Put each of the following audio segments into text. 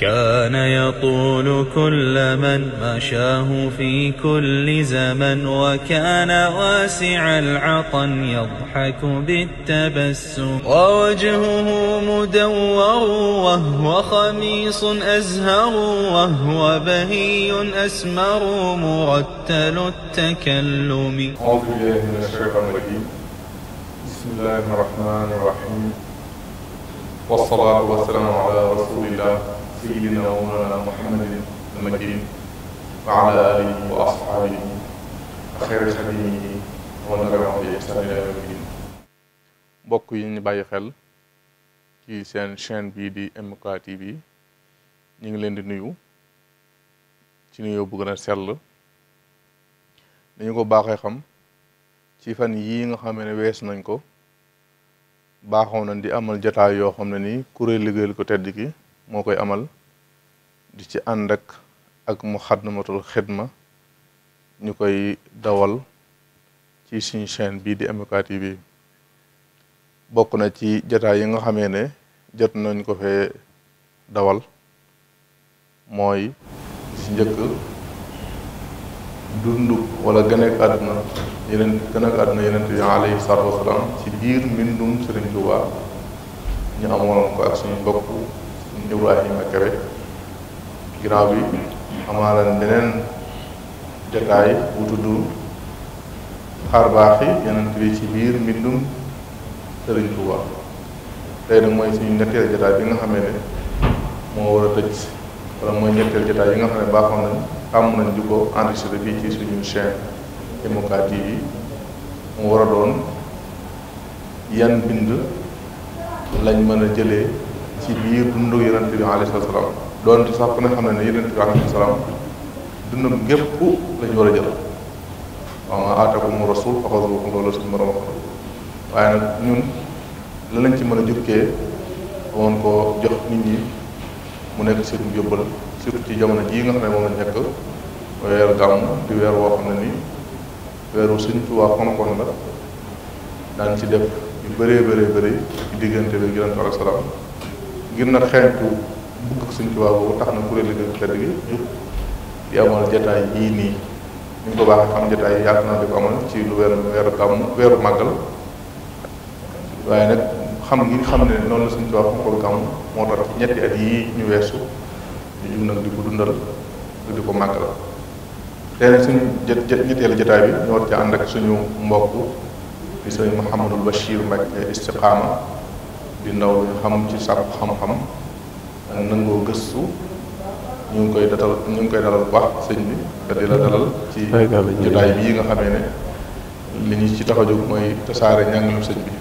كان يطول كل من مشاه في كل زمن وكان واسع العطن يضحك بالتبسم ووجهه مدور وهو خميص أزهر وهو بهي أسمر مرتل التكلم أعوذ بالله من الشيطان الرجيم بسم الله الرحمن الرحيم والصلاة والسلام على رسول الله سيدنا ومولانا محمد mbokk yi ñu bàyyi xel ci seen chaîne bii di MK TV ñu ngi leen di nuyu ci nuyoo bu gën a sell dañu ko baaxee xam ci fan yii nga xam ne wees nañ ko baaxoon nañ di amal jataay yoo xam ne nii kuréel liggéeyal ko tedd ki moo koy amal di ci ànd ak ak Muxaddamatul Xidma ñu koy dawal ci suñu chaîne bii di Amika TV bi bokk na ci jataay yi nga xamee ne jot nañ ko fee dawal mooy ci njëkk dundu wala gëneek àdduna yeneen gëneek àdduna yeneen bi alayhi salaatu ci biir mbindum Sëriñ Tuubaa ñu amoon ko ak suñu mbokk Ibrahima Kebe ginnaaw bi la beneen jotaay bu tudd xar baax yi yeneen bi ci biir mbindum Sëriñ Tuuba tey nag mooy suñu ñetteel jotaay bi nga xam ne moo war a tëj wala mooy ñetteel jotaay yi nga xam ne baaxoon nañ tàmm nañ di ko enregistré fii ci suñu chaîne MK TV mu war a doon yan bind lañ mën a jële ci biir dundu yonent bi alayhi salaam doonte sax ku ne xam ne ne yonent bi alayhi salaam gépp la ñu war a jël wa ma aatakum rasul faxuduuhu loolu suñu borom wax waaye nag ñun la lañ ci mën a jukkee woon ko jox nit ñi mu nekk suñu yóbbal surtout ci jamono jii nga xam ne moom nekk weer gàmm di weer woo xam ne ni weeru suñ tuwaa xonxon la daan ci def yu bëree bëree bëri ci diggante bi yonent bi alayhi salaam ngir na bëgg suñ Tuubaa boobu tax na kuréel gi xedd gi jub di amal jataay yii nii ni ñu ko baaxee xam jataay yàgg na di ko amal ci lu weeru weeru gàmm weeru màggal waaye nag xam ngi xam ne noonu la suñ Tuubaa fonkoon gàmm moo tax ñetti at yii ñu weesu ñu jub nag di ko dundal di ko màggal leen suñu jë ñetteelu jataay bi ñu war ci ànd ak suñu mbokk di sëñ Mouhamadul Bachir Mbacke istiqaama di ndaw xam ci sàkku xam-xam ak nangoo gëstu ñu ngi koy datal ñu ngi koy dalal bu baax sëñ bi te la dalal ci jotaay nga xamee ne li ñu ci tax a mooy tasaare ñàngalum sëñ bi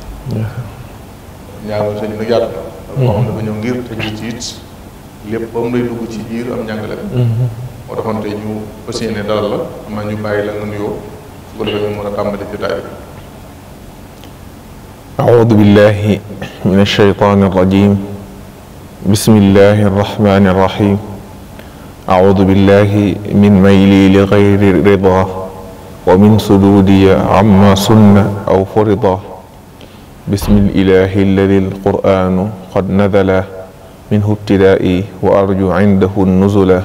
ñàngalum sëñ bi nag yaatu na koo mm-hmm. ngir te ji ci it lépp ba mu lay dugg ci biir am njàngale mm-hmm. moo taxoon tey ñu fas yéene dalal la ma ñu bàyyi la nga nuyoo su ko defee mu mën a tàmbali jotaay bi أعوذ بالله من الشيطان الرجيم bismillahi arrahmani irrahim acuudu billahi min mayli li gayri rida wa min suduudiya amma sunna aw furida bismi lilahi alladi alquranu qad nadala minhu ibtidaai wa arju cindahu nuzula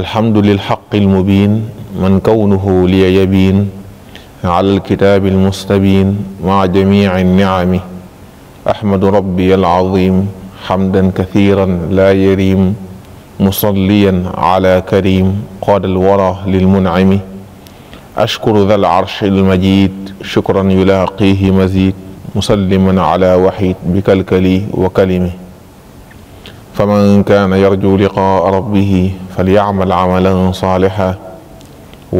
alhamdu lilxaqi almubin man kawnuhu liya yabin ala alkitaabi almustabin maa jamici nicami ahmadu rabbi alcazim xamdan kathiran laa yarim musalliyan ala karim qaada alwara lilmuncimi ashkuru dha alarshi almajid shukran yulaaqihi mazid musalliman ala waxid bikalkali wa kalimi faman kaana yarju liqaa rabbihi falyacmal camalan saalixa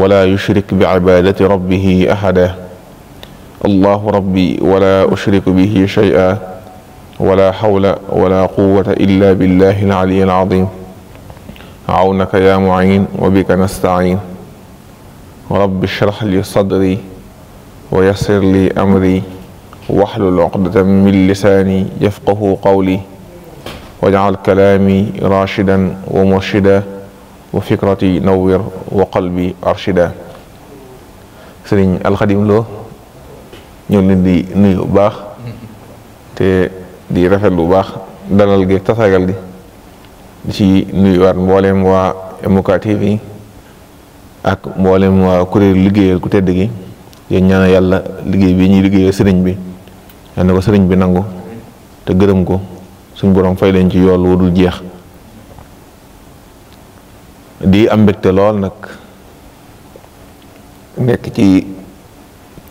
wala yushrik bicibaadati rabbihi axada allahu rabbi wala ushriku bihi shay'a wala xawla wala quwwata illa billahi alali alazim awnaka ya muin wa bika nastain rabbi shrah li sadri wa yassir li amri waxlul uqdatan min lisaani yafqahu qawli wajcal kalaami rashidan wa murshida wa fikrati nawwir wa qalbi arshida sëriñ alxadim loo ñëw leen di nuyu bu baax te di rafet bu baax dalal gi tasagal gi di ci nuyuwaat mboolem waa MK TV ak mboolem waa kuréel liggéeyal ku tedd gi yéen ñaan yàlla liggéey bi ñuy liggéeyal sëriñ bi yal na ko sëriñ bi nangu te gërëm ko suñ borom fay leen ci yool wu dul jeex di am mbégte lool nag nekk ci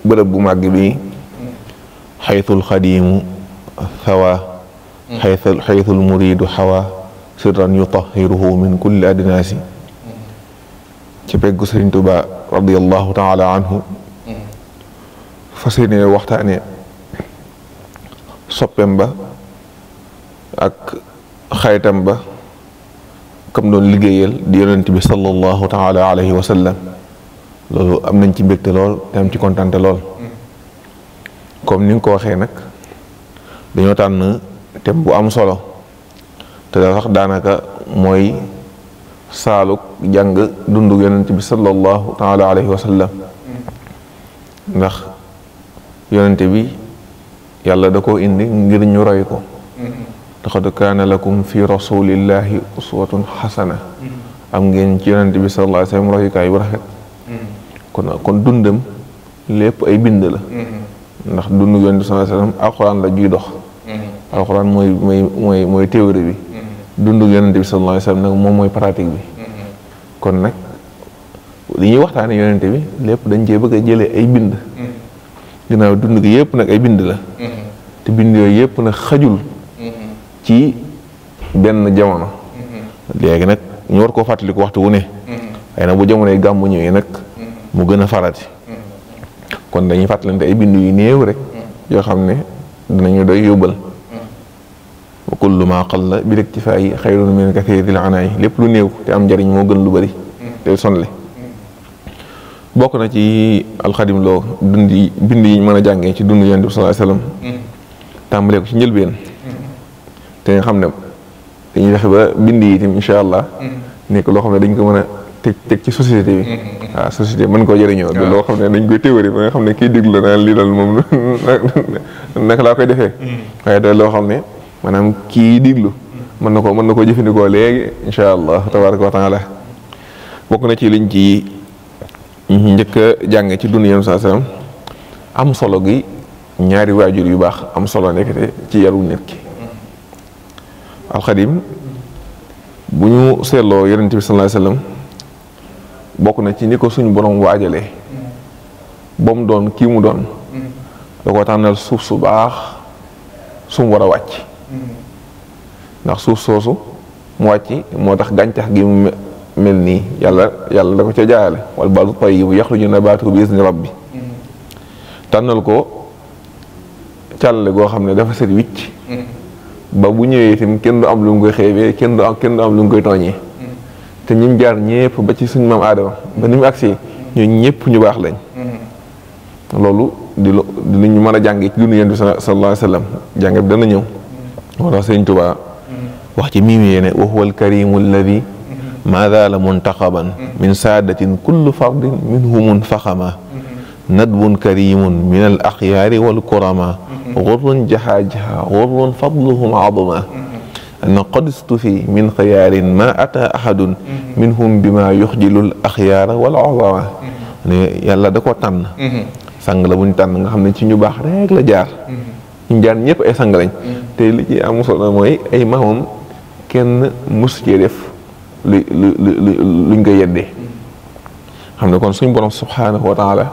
bërëb bu màgg bi xaytul xadiimu hawa xaytu almuridu hawa sirran yutahiruhu min kulli adnaasi ci peggu Sëriñ Tuubaa radiallahu taala anhu fas yéene waxtaane soppem ba ak xaytam ba kam doon liggéeyal di yonent bi sallallahu taala alayhi wa sallam loolu am nañ ci mbégte lool te ci kontante lool comme ni ko waxee nag dañoo tànn thème bu am solo te da sax daanaka mooy saaluk jàng dundug yonent bi sallallahu taala alayhi wa ndax yonent bi yàlla da ko indi ngir ñu roy ko laqad kaana lakum fi rasulillahi uswatun xasana am ngeen ci yonent bi sallallahu alayhi wa sallam royukaay bu rafet kon kon dundam lépp ay bind la mm-hmm. ndax dundug yonent bi sallallahu alayhi la juy dox alxuraan mooy mooy mooy mooy bi mm-hmm. dund yonent bi sallallahu alayhi nag moom mooy pratique bi mm-hmm. kon nag li ñuy waxtaane yonent bi lépp dañ cee bëgg a jëlee ay bind mm-hmm. ginnaaw dund gi yëpp nag ay bind la te bind yooyu yëpp nag xajul ci benn jamono léegi nag ñu war koo fàttaliku waxtu wu ne waaye nag bu jamonoy gàmmu ñëwee nag mu gën a farati kon dañuy fàttalante ay bind yu néew rek yoo xam ne dinañu doy yóbbal kullu ma qalla bi rek ci fa yi xayrun min kathiril anaay lépp lu néew te am njariñ moo gën lu bari te sonle bokk na ci alxadim loo dund yi bind yi mën a jàngee ci dund yonent bi sallallahu alayhi wasallam ci njëlbeen te nga xam ne dañuy fexe ba bind yi itam insha allah nekk loo xam ne dañ ko mën a teg teg ci société bi waaw société mën koo jëriñoo loo xam ne dañ koy téwari ba nga xam ne kiy déglu la naan lii daal moom naka laa koy defee mm. waaye daal loo xam ne maanaam kii diglu mën na koo mën na koo jëfandikoo léegi incha allah tabaraka wa taala bokk na ci liñ ci njëkk a jànge ci dund yam saa salaam am solo gi ñaari waajur yu baax am solo nekkate ci yaru nit ki alxadim seetloo yonente bi sallallahu bokk na ci ni ko suñu borom waajalee ba doon kii mu doon da ko suuf su baax su war a wàcc ndax suuf soosu mu wàcc moo tax gàncax gi mu mel nii yàlla yàlla da ko ca jaarale wal baladu tayyibu yaxruju nabaatuhu bi izni rabbi tànnal ko càll goo xam ne dafa set wicc ba bu ñëwee itam kenn du am lu mu koy xeebee kenn du am kenn am lu mu koy tooñee te ñim jaar ñëpp ba ci suñ mam aadama ba ni mu agsi ñoo ñëpp ñu baax lañ loolu di lu ñu mën a jàng ci dund yonent bi sallallahu alayhi wa sallam jàngat dana ñëw moo wax ci miim yéene wa huwa alkarimu alladi maa zaala muntaxaban min saadatin kullu fardin minhumun faxama nadbun karimun min al axyaari walkurama gurrun jaxaa-jaxaa gurrun fadluhum aduma ana qadistu fi min xiyaarin ma ata ahadun minhum bima yuxjilul axyaara wal azama ne yàlla da ko tànn mhm. sang la buñ tànn nga xam ne ci ñu baax rek la jaar mhm. ñu jaar ñëpp ay sang lañ. Mm. te li ci am solo mooy ay maamam kenn mësu cee def lu lu luñ koy yeddee. Mm. xam ne kon suñ borom subhaanahu wa taala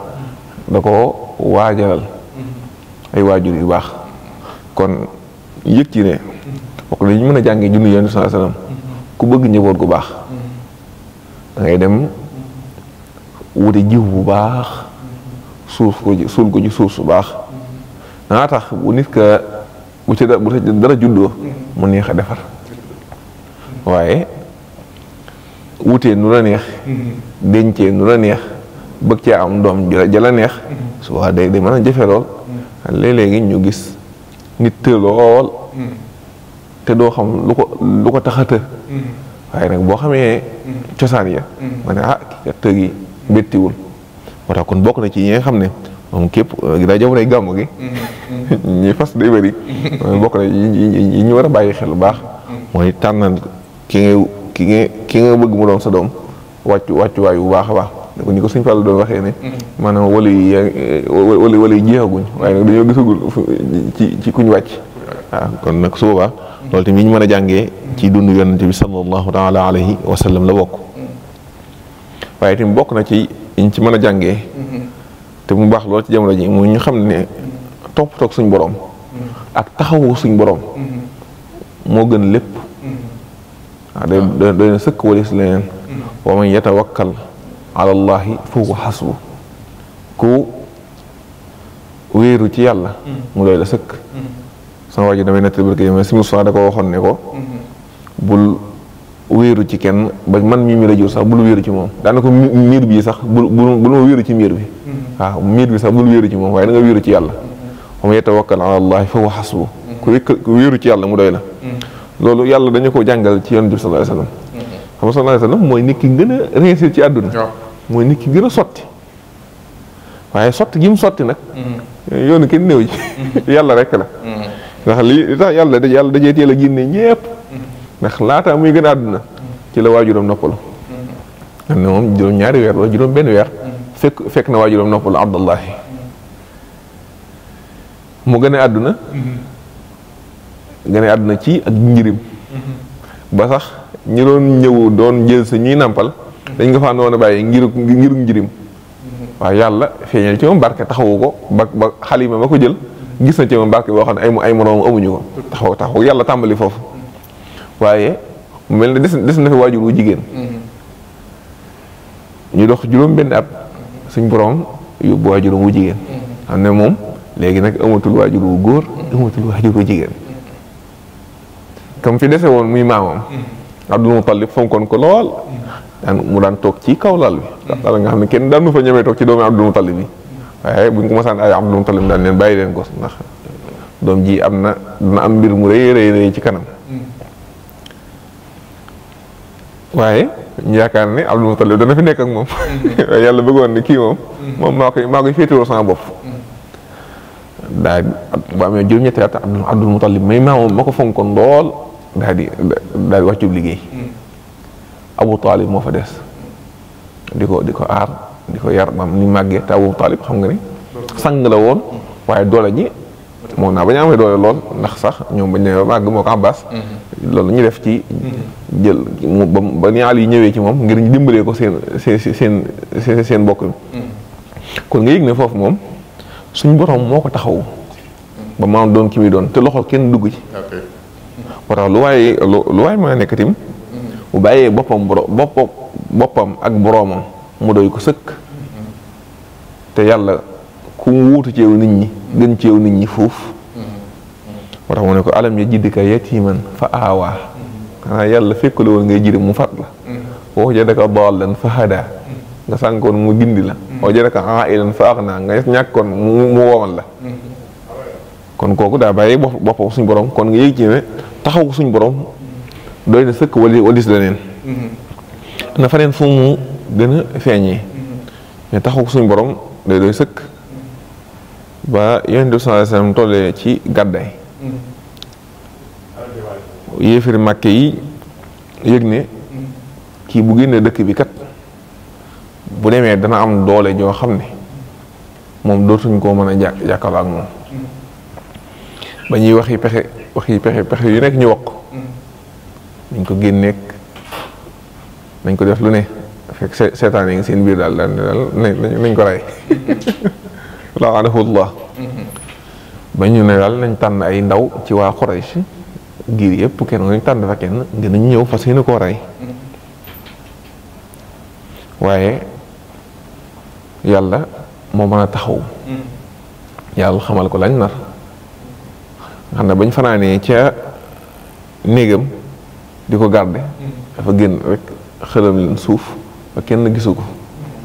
da ko waajalal. Mm. ay waajur yu baax. kon yëg ci ne. bokk ñu mën a jàngee junni yonent sallallahu sa wasallam mm-hmm. ku bëgg njaboot gu baax. Mm-hmm. da ngay dem wute jiw bu baax. Mm-hmm. suuf ko suuf su baax. danga tax bu nit ka bu ci bu ci dara juddoo mu neex a defar waaye wutee nu la neex dencee nu la neex bëgg cee am doom jala neex su waa day day mën a jafe lool léeg-léegi ñu gis nit të lool te doo xam lu ko lu ko tax a të waaye nag boo xamee cosaan ya ma ne ah kii ka të bettiwul moo kon bokk na ci yi nga xam ne moom képp daa jamonoy gàmm gi. Mm-hmm. ñi fas day bëri. Mm-hmm. bokk na yi ñu war a bàyyi xel bu baax. Mm-hmm. mooy tànnal ki nga ki nga ki nga bëgg mu doon sa doom wàccu wàccuwaay bu baax a baax. ni ko sëñ Fall doon waxee ne. maanaam walu yi walu walu yi jeexaguñ waaye nag dañoo gisagul ci ci kuñ wàcc. waaw kon nag su boobaa. loolu tamit ñu mën a jàngee. ci dund yonent bi sallallahu taala alayhi wa sallam la bokk. waaye tamit bokk na ci ñu ci mën a jàngee. te mu baax lool ci jamono ji mooy ñu xam ne toog suñ borom ak taxawu suñ borom moo gën lépp waaw mm-hmm. ah, day ah. doy na sëkk walis leneen mm-hmm. wa man yatawakkal ala llahi fa huwa xasbu ku wéeru ci yàlla mm-hmm. mu doy la sëkk sama waa ji damay nettali barke ma si Moussa da ko waxoon ne ko bul wéeru ci kenn ba man mi mi la jur sax bul wéeru ci moom daana ko miir bii sax bul bul ma wéeru ci miir bi waaw miit bi sax bul wéeru ci moom waaye danga nga wéeru ci yàlla wa man yatawakkal ala allahi fa huwa hasbu ci yàlla mu doy la loolu yàlla dañu ko jàngal ci yoon bi sallallahu alayhi wasallam xam nga sallallahu alayhi mooy nit ki gën a réussir mooy nit ki sotti waaye sotti gi mu sotti nag yoonu kenn néew mm-hmm. yàlla rek la mm-hmm. ndax li tax yàlla da yàlla dajee teel a génne ñépp mm-hmm. ndax laata muy gën a àdduna ci la waajuram noppalu am na moom juróom ñaari weer wala juróom benn weer fekk fekk na waajuram noppal Abdallahi mu gën a àdduna gën a àdduna ci ak njirim ba sax ñi doon ñëw doon jël sa ñuy nàmpal dañ nga faa noon a bàyyi ngirug ngirug njirim waaye yàlla feeñal ci moom barke taxawu ko ba ba ko jël gis na ci moom barke boo xam ne ay ay moroom amuñu ko taxaw taxaw yàlla tàmbali foofu waaye mu mel ne des des na fi waajur wu jigéen mm-hmm. ñu dox juróom benn at suñ borom yóbbu waajuram wu jigéen mm-hmm. xam ne moom léegi nag amatul waajur góor mm-hmm. amatul jigéen mm-hmm. kam fi dese woon muy maamam Abdul Mutalib fonkoon ko lool daan mu daan toog ci kaw lal bi nga xam ne kenn daanu fa ñemee toog ci doomi Abdul Mutalib yi waaye buñ ko mosaan ay Abdul Mutalib daan leen bàyyi leen gos ji am na dina am mbir mu rëy rëy ci kanam waaye ñu yaakaar ne Abdul Mutalib dana fi nekk ak moom mm-hmm. yàlla bëggoon ne kii moom mm-hmm. moom maa koy maa koy féetewoo sama bopp mm-hmm. daa bu amee juróom-ñetti at Abdul Mutalib may maamam ma ko fonkoon lool daa di daa di wàccub liggéey Abu Talib moo fa des di ko di ko aar di ko yar maam ni màggee te Abu Talib xam nga ni sang la woon waaye doole ji moom naa bañ ñu amee doole lool ndax sax ñoom bañ demee ba màgg moo ko Abbas mhm. loolu ñu def ci mhm. jël mu ba ba ñaal yi ñëwee ci moom ngir ñu dimbalee ko seen seen seen seen bokk mhm. kon nga yëg ne foofu moom suñ borom moo ko taxaw ba maam doon ki muy doon te loxo kenn dugg ci moo tax lu waaye lu waaye mën a nekk tim bu bàyyee boppam boro boppam ak boroomam mu doy ko sëkk te yàlla ku mu wuutu ci nit ñi gën ci nit ñi foofu moo tax ne ko alam ya jiddika yatiman fa aawaa xanaa yàlla fekk la woon ngay jirim mu fat la woo jadaka daalan fa hada nga sànkoon mu gindi la woo jadaka ailan fa aghnaa mu woomal la kon kooku daa bay bopp suñ borom kon nga yëg ci ne taxaw suñ borom doy na sëkk wali walis la neen na fa neen fu mu gën a feeñee mm-hmm. mais taxaw suñ borom day sëkk ba yonent bi sallallahu alayhi wasallam tollee ci gàddaay yéefari màkke yi yëg ne kii bu génnee dëkk bi kat bu demee dana am doole joo xam ne moom dootuñ koo mën a jàkk jàkkaloo ak moom ba ñuy waxi pexe waxi pexe pexe yu nekk ñu wokk dañ ko génneek dañ ko def lu ne fekk seetaan yi ngi seen biir daal daal nañ ko rey la'anahullah ba ñu ne daal nañ tànn ay ndaw ci waa Quraysh giir yëpp kenn nañ tànn fa kenn ngir nañ ñëw fas yéene koo rey waaye yàlla moo mën a taxaw yàlla xamal ko lañ nar xam ne bañ fanaanee ca néegam di ko garde dafa génn rek xëlam leen suuf ba kenn gisu ko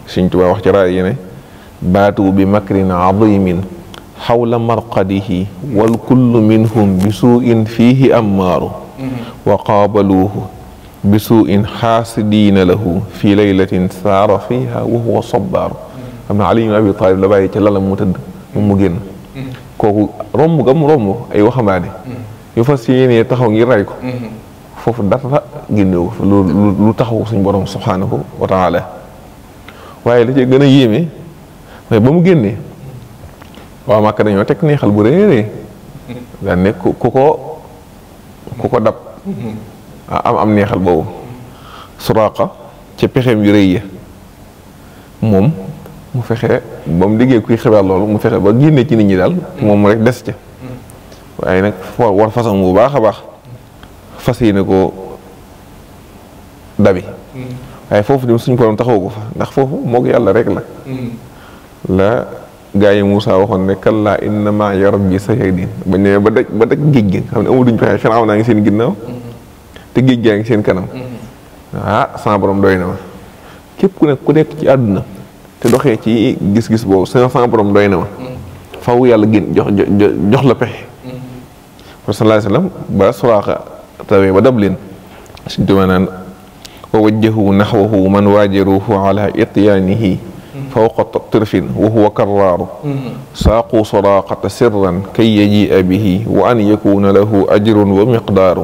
Sëriñ Tuubaa wax ci raay yi ne baatu bi makrin adimin xawla marqadihi wal minhum bi suuin fiihi ammaaru wa qaabaluuhu bi suuin xaasidiina lahu fi laylatin saara fiiha wa huwa sabbaaru xam na ali ibn abi taalib la bàyyi mu mu génn kooku romb gam ay waxambaane yu fas yéenee taxaw ngir rey ko foofu dara génnewu ko fa lu taxaw suñ borom subhaanahu wa taala waaye la ca gën a yéeme mais ba mu génnee waaw màkk dañoo teg neexal bu rëy a rëy daan ku ko ku ko dab am am neexal boobu suraaqa ci pexeem yu rëy moom mu fexe ba mu déggee kuy xibaar loolu mu fexe ba génne ci nit ñi daal moom mu rek des ca waaye nag foo war façon bu baax a baax fas yi ne ko dabi mm. waaye foofu dem suñu borom taxawu ko fa ndax foofu moo ko yàlla rek la mm. la gaa yi Moussa waxoon ne kalla inna maa ya rabbi sayahdin ba ñëwee ba daj ba daj géej gi xam ne amatuñu pexe Firawna naa ngi seen ginnaaw mm-hmm. te géej gaa ngi seen kanam mm-hmm. ah sama borom doy na ma képp ku nekk ku nekk ci àdduna te doxee ci gis-gis boobu sama borom doy na ma mm-hmm. faw yàlla gén jox jox la pexe kon sallallahu alayhi wa sallam ba Suraaqa tawee ba dab leen suñ tumaa naan wa wajjahu naxwahu man waajaruhu ala ityaanihi فوق طرف وهو كرار ساقوا صراقة سرا كي يجيء به وأن يكون له أجر ومقدار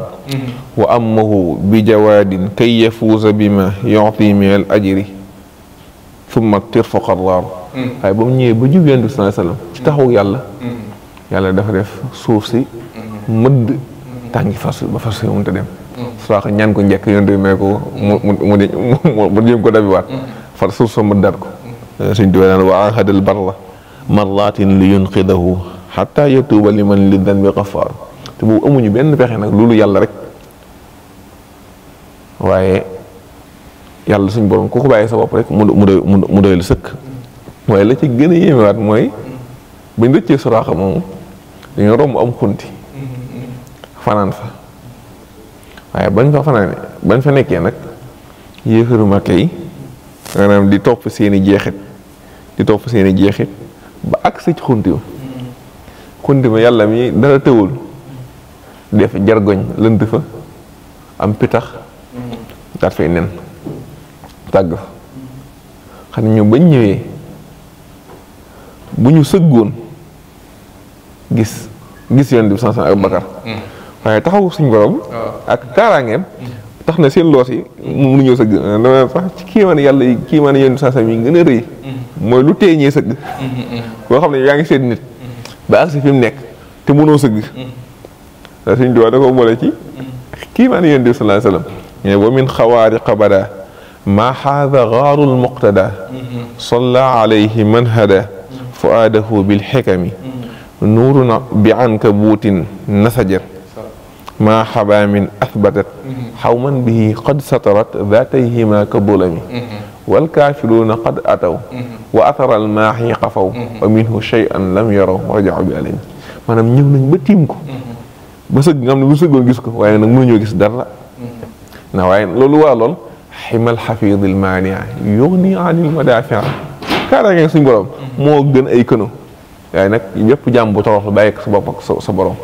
وأمه بجواد كي يفوز بما يعطي من الأجر ثم الطرف bi sallallahu alayhi wasallam ci taxaw yàlla yàlla dafa def suuf si mëdd tàngi fas ba fas yi mënta dem soo ñaan ko njëkk yonent bi may ko mu mu mu ko dabiwaat far suuf mëddaat ko suñ tubaa naan wa ahadal barra marratin li yunqidahu xatta yatuuba li man li dan bi xafaar te boobu amuñu benn pexe nag loolu yàlla rek waaye yàlla suñ boroom ku ko bàyyi sa bopp rek mu mu mu doyal sëkk waaye la ci gën a yéemewaat mooy bañ rëccee suraaxa moomu dañoo romb am xunti fanaan fa waaye bañ fa fanaane bañ fa nekkee nag yéefaru Makka yi maanaam di topp seeni jeexit di topp seen i jeexit ba ak sa ci xunti ma xunti yàlla mi dara tëwul def jargoñ lënd fa am pitax daat fay nen tàgg fa xam ne ñoom bañ ñëwee bu ñu sëggoon gis gis yoon bi sansan ak bakar mm. waaye taxaw suñ borom ak kaaraangeem tax na seen loos yi mu ñëw sëgg dama sax ci kii ma ne yàlla kii ma ne yoon bi sansan yi gën a rëy mooy lu tee ñee sëgg. koo xam ne yaa ngi seet nit. ba àgg si fi mu nekk te mënoo sëgg. da suñ duwaa da ko boole ci. kii maa ngi yéen di sallallahu alayhi wasallam. ñu ne wa min xawaari qabada maa xaada gaarul muqtada. salla alayhi man hada. fuaadahu bil xikami. nuurun bi ankabuutin nasajat. maa xabaa min athbatat. xawman bihi qad satarat daatayhima kabulami wal kaafiruuna qad ataw wa ataral maaxi xafaw wa minhu shay'an lam yaraw rajaw bi alayhi maanaam ñëw nañ ba tiim ko ba sëgg nga xam ne bu sëggoon gis ko waaye nag mënuñoo gis dara na waaye loolu waa lool ximal xafidil maania yugni anil madafia kaaraange suñ borom moo gën ay këno waaye nag yépp jàmm bu torox la bàyyi ko sa bopp ak sa borom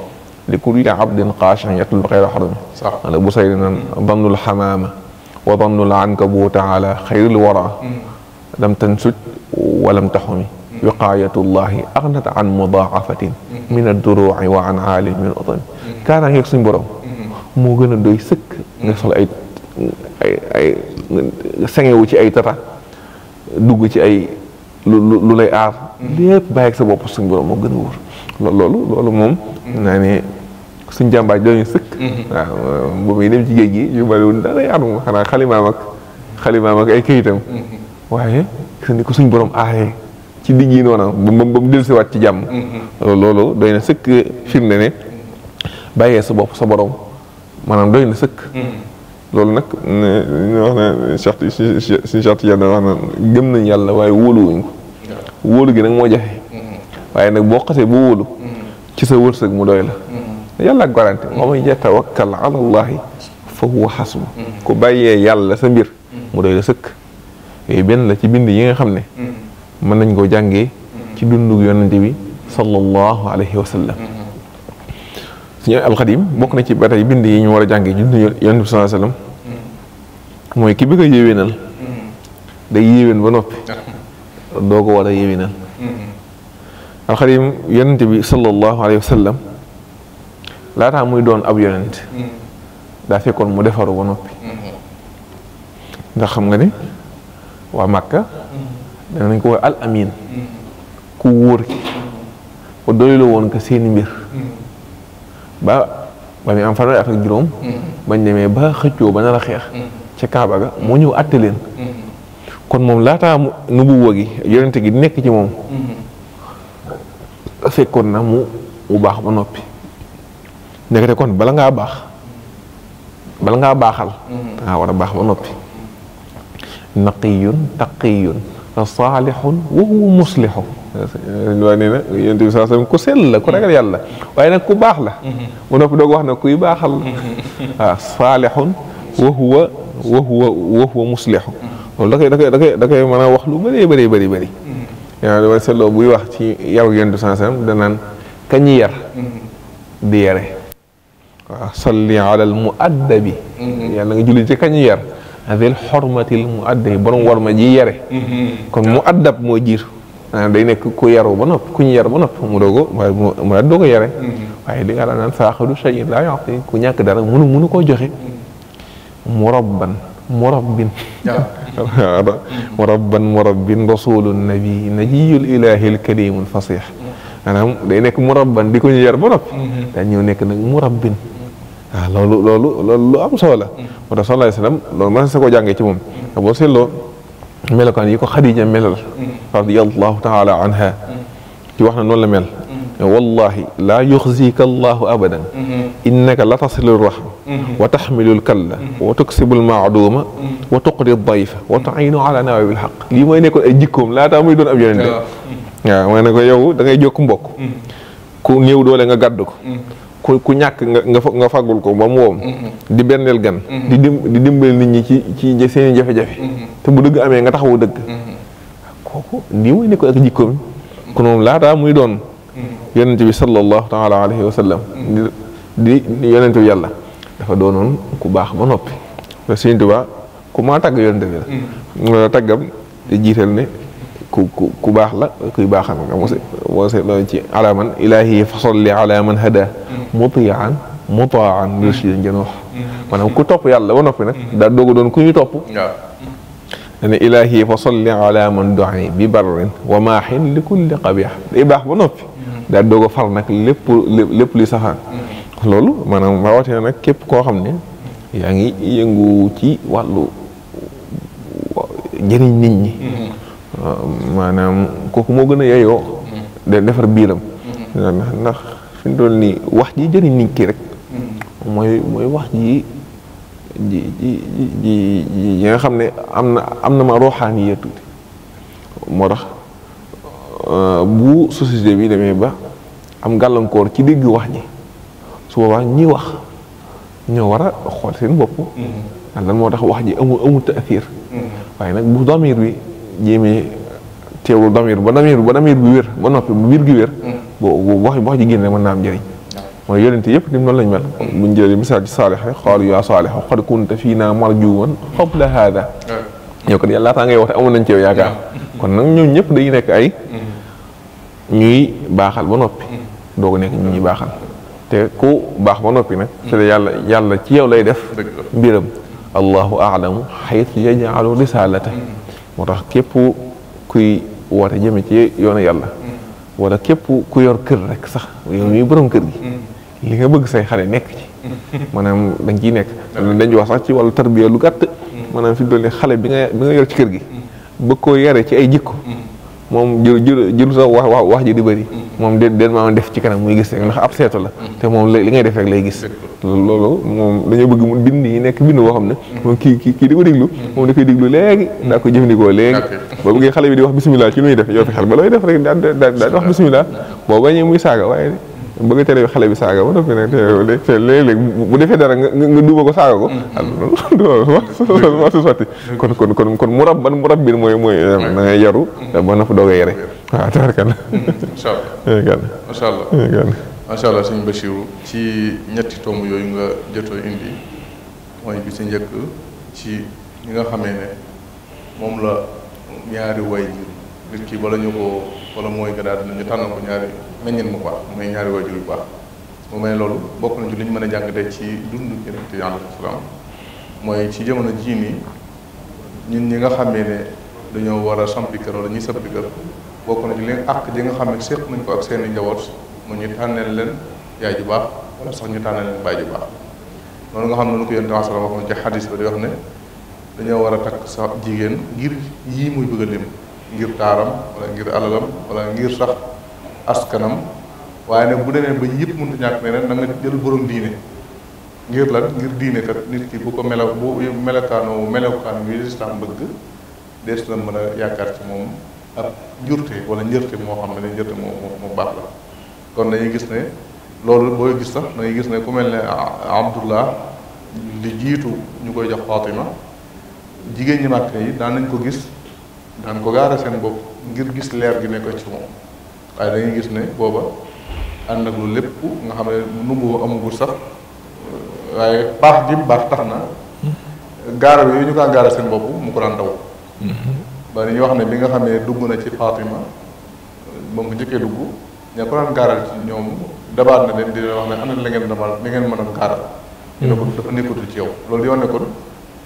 li kulli abdin qaashin yatlub xayra xarami ala bu say naan bandul xamaama wa dannul ankabuuta ala xayril wara mm. lam tansut walam taxumi mm. wiqaayatullahi aghnat an mudaafatin mm-hmm. min adduruuci wa an aalin min utami mm-hmm. kaaraangeeg suñ borom mm-hmm. moo gën a doy sëkk nga sol ay ay ay sangewu ci ay tata dugg ci ay lu lu lay aar lépp bàyyi ak sa bopp suñ borom moo gën a wóor loolu loolu moom naa ne suñ jàmbaaj doñu sëkk mhm. waaw bu muy dem ci géej gi yu baliwul dara yaatu xanaa xalimaam ak xalimaam ay këyitam mhm. waaye gis ni ko suñ borom aaree ci digg yi noona ba mu ba mu ci jàmm mhm. loolu doy na sëkk firnde ne bàyyee sa bopp sa borom maanaam doy na sëkk nag ñu wax ne charte si charte yàlla na nañ yàlla waaye wóoluwuñ ko wóolu gi nag moo jafe waaye nag boo xasee bu wóolu ci sa wërsëg mu doy la yàlla garanti wa man yatawakkal ala allahi fa huwa hasbu ku bàyyee yàlla sa mbir mu doy la sëkk yooyu benn la ci bind yi nga xam ne mën nañ koo jàngee ci dundug yonente bi sallallahu alayhi wa bokk na ci ba tey bind yi ñu war a jàngee mooy ki bëgg a yéwénal day ba noppi doo ko war a yéwénal alxadim yonente bi sallallahu alayhi wa laataa muy doon ab yonent mm-hmm. daa fekkoon mu defaru ba noppi mm-hmm. ndax xam nga ni waa makka mm-hmm. da nañ ko woy al amin ku wóor ki ba doyloo ko seeni mbir ba ba muy am fanweeri at ak juróom bañ demee ba xëccoo ba nar a xeex ca Kaaba ga moo ñëw àtte leen kon moom laataa nubuwa gi yonent gi nekk ci moom fekkoon na mu mu baax ba noppi nekkate kon bala ngaa baax bala ngaa baaxal mhm. dangaa war a baax ba noppi naqiyun taqiyun saalihun wa huwa muslihu waa nee na yonent ku sell ku ragal yàlla waaye nag ku baax la mu mhm. noppi doog wax na kuy baaxal la mhm. ah, waaw saalihun wa huwa wa huwa wa huwa muslihu loolu a wax lu bëree bëri bëri bëri yow buy wax ci yaru yonent bi saa sallam danaan kañu yar di yare waaw ah, salli ala al muaddabi mm-hmm. yàlla nga julli ci kañ yar adil xormatil muaddabi borom war ma ji yare mm-hmm. kon muaddab moo jiitu maanaam ah, day nekk ku yar ba nopp kuñ yar ba nopp mu doogo waaye mu doo ko yare mm-hmm. waaye li yàlla naan saaxidu shayin laa yox ku ñàkk dara mënu mënu koo joxe murabban murabbin murabban murabbin rasulun nabi najiyul ilahil karimul fasix maanaam day nekk murabban di ko ñu yar ba waaw ah, loolu loolu loolu lu am solo la mm. moo tax sallallahu alayhi wasallam loolu mën sa ko jàngee ci moom te boo seetloo melokaan yi ko Xadija melal mm. radiyallahu taala anha ci wax na noonu la mel mm. wallahi laa yuxzika allahu abadan mm-hmm. innaka la tasilu rahma mm-hmm. wa taxmilu lkalla mm-hmm. wa tuksibu lmaaduuma wa tuqri dayfa wa tuinu ala nawabi lxaq lii mooy nekkoon ay jikkoom laataa muy doon ab yonente waaw mooy ne ko yow da ngay jokk mbokk ku néew doole nga gàdd ko ku ku ñàkk nga nga fagul ko ba mu woom mm-hmm. di benneel gan mm-hmm. di dim di dimbali nit ñi ci ci seeni jafe-jafe mm-hmm. te bu dëgg amee nga taxawu dëgg kooku nii mooy ne ko ak jikkoom kon moom laataa muy doon yonent bi sallallahu taala alayhi wa sallam di di yonent bi yàlla dafa doonoon ku baax ba noppi Sëriñ Tuubaa ku maa tagg yonent bi la. nga la tàggam te jiital ne ku ku baax la kuy baaxal nga mose mose loolu ci ala man ilaahi fasalli ala man hada mm-hmm. mutian mutaan lirshidin januux mm-hmm. maanaam ku topp yàlla ba noppi nag mm-hmm. daal dooga doon ku ñu topp ne ilaahi fasalli ala man doani bi barrin wa maaxin li kulli qabix day baax ba noppi daal dooga far nag lépp lépp li saxaan loolu maanaam rawatina nag képp koo xam ne yaa ngi yëngu ci wàllu jëriñ nit Euh, maanaam kooku moo gën a yeyoo. de defar biiram. ndax fi mu nii wax ji jëriñ nit ki rek. mooy mooy wax ji ji ji ji ji nga xam ne am na am na ma ruuxaani ya tuuti moo tax euh, bu société bi demee ba am gàllankoor ci dégg wax ji su boobaa ñi wax ñoo war a xool seen bopp. Mm-hmm. lan moo tax wax ji amul amul taafir mm-hmm. waaye nag bu damir bi. jéemee teewul damir ba damir ba damir bi wér ba noppi ba biir gi wér mm. bu wax wax ji génne mën naa am njëriñ mm. mooy yonente yëpp nim noonu lañ mel mm. buñ jëlee misaal ci saalix rek xaalu yaa saalix xad kunta fii naa marjuwan qabla haada yow kat yàlla laataa ngay wax te nañ ci yow yaakaar kon nag ñoom ñëpp dañuy nekk ay ñuy baaxal ba noppi doo ko nekk ñu ñuy baaxal te ku baax ba noppi nag te la yàlla yàlla ci yow lay def mbiram allahu aalamu xaytu yajalu risalata moo tax képp kuy woote jëme ci yoonu yàlla wala képp ku yor kër rek sax yow mii borom kër gi li nga bëgg say xale nekk ci maanaam dañ ciy nekk dañu wax sax ci wàllu tarbiya lu gàtt maanaam fi doon ne xale bi nga bi yor ci kër gi bëgg koo yare ci ay jikko moom jël jël jël sa wax wax wax ji di bëri. moom déet déet maa def ci kanam muy gis rek ndax ab seetu la. te moom li ngay def rek lay gis. loolu moom dañoo bëgg mu bind yi nekk bind boo xam ne. moom kii kii kii di ko déglu. moom da koy déglu léegi daa ko jëfandikoo léegi. ba bu ngeen xale bi di wax bisimilah ci lu ñuy def yow fi xel ba looy def rek daal wax bisimilah boo bañee muy saaga waaye. bëgg a bi xale bi saaga ba noppi nag te léeg-léeg bu defee dara nga duuba ko saaga ko. Mm. Ah, kon kon kon kon mu rab ban mu rab bi mooy mooy mm. da ngay yaru. ba na fa doog a yare. waaw tabarkalla. macha allah ñetti tomb yooyu nga mooy bi nga xamee ne moom la ñaari way nit ki bala ko wala mooy gënaat ñu tànn ko ñaari. meññeen mu baax mooy ñaari waajur yu baax mu mel loolu bokk nañ ci li ñu mën a jàng tey ci dundu Yonent bi alayhi salaam mooy ci jamono jii nii ñun ñi nga xamee ne dañoo war a sampi kër wala ñuy sampi kër bokk na ci li àq ji nga xam ne séq nañ ko ak seeni njaboot mu ñu tànneel leen yaay ju baax wala sax ñu tànneel leen baay ju baax loolu nga xam ne nu ko Yonent bi alayhi salaam waxoon ci xadis ba di wax ne dañoo war a takk sa jigéen ngir yii muy bëgg a lim ngir taaram wala ngir alalam wala ngir sax askanam waaye nag bu demee ba yëpp mënut a ñàkk neneen na jël borom diine ngir lan ngir diine nit ki bu ko melaw bu melokaanoo melokaan wi lislaam bëgg dees na mën a yaakaar ci moom ak njurte wala njërte moo xam ne njërte moo moo baax la kon dañuy gis ne loolu booy gis sax dañuy gis ne ku mel ne Abdullah li jiitu ñu koy jox Fatima jigéen ñi màkk yi daan nañ ko gis daan ko gaara seen bopp ngir gis leer gi nekk ci moom waaye da ngay gis ne booba ànd ak lu lépp nga xam ne numboo amagul sax waaye baax ji baax tax na gaara yooyu ñu kaa gaara seen bopp mu ko daan daw ba dañuy wax ne bi nga xam ne dugg na ci Fatima moom ko njëkkee dugg ña ko daan gaaral ci ñoom dabaat na leen di wax ne ana la ngeen damal li ngeen mën a gaaral ñu mm-hmm. ne ko dafa nekkatul ci yow loolu yoon ne kon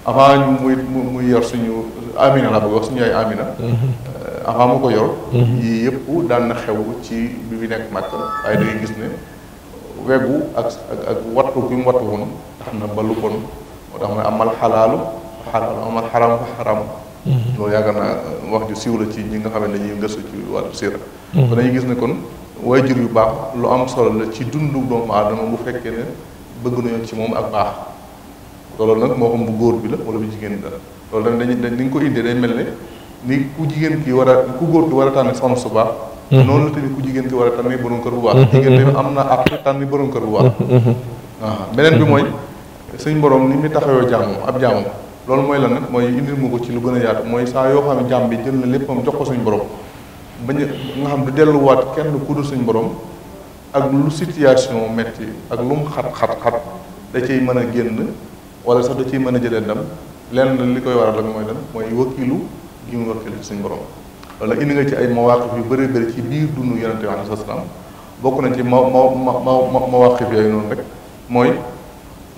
avant muy muy yor suñu amina la bëgg suñu yaay amina mm-hmm. avant ma ko yor. Mhm. yii yëpp daan xew ci bi fi nekk màkk waaye da ngay gis ne weggu ak ak ak wattu bi mu wattu woon tax na ba lu bon moo tax ma amal xalaalu xalaalu amal xaraam fa xaraam. Mhm. loolu yaakaar naa euh, wax ju siiw la ci ñi nga xam ne dañuy gëstu ci wàllu siira. Mhm. kon dañuy gis yu baax lu am solo la ci dundu doomu moom bu fekkee ne bëgg nañu ci moom ak baax loolu nag moo xam bu góor bi la wala bu jigéen bi la loolu nag dañuy dañ ni nga ko indee day mel ne. ni ku jigéen ki war a ku góor ki wara a tànn soxna su baax mhm. noonu la tamit ku jigéen ki war a mhm. mhm. tànn borom kër bu baax jigéen tamit am na àq tànn borom kër bu baax waaw beneen bi mooy suñ borom ni muy taxawoo jàmm ab jàmm loolu mooy lan nag mooy indil ma ko ci lu gën a yaatu mooy saa yoo xam ne jàmm bi jël na léppam jox ko suñ borom bañ nga xam du delluwaat kenn ku dul suñ borom ak lu situation métti ak lu mu xat xat xat da ciy mën a génn wala sax da ciy mën a jëlee ndam lenn li koy waral la mooy lan mooy wakiilu gi muy wakkilu suñu borom loolu indi nga ci ay mawaqif yu bëri bëri ci biir dundu yonente bi alayhi salaam bokk na ci ma ma ma mawaqif yooyu noonu rek mooy